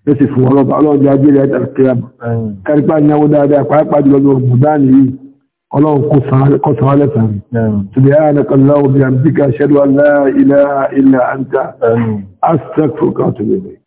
lẹ́sìn fún ọlọ́ba ọlọ́run jẹ́ ajé rẹ̀ àtàkẹ́yàmọ̀ قالوا قص على فهم سبحانك الله وبحمدك أشهد أن لا إله إلا أنت أستغفرك وأتوب إليك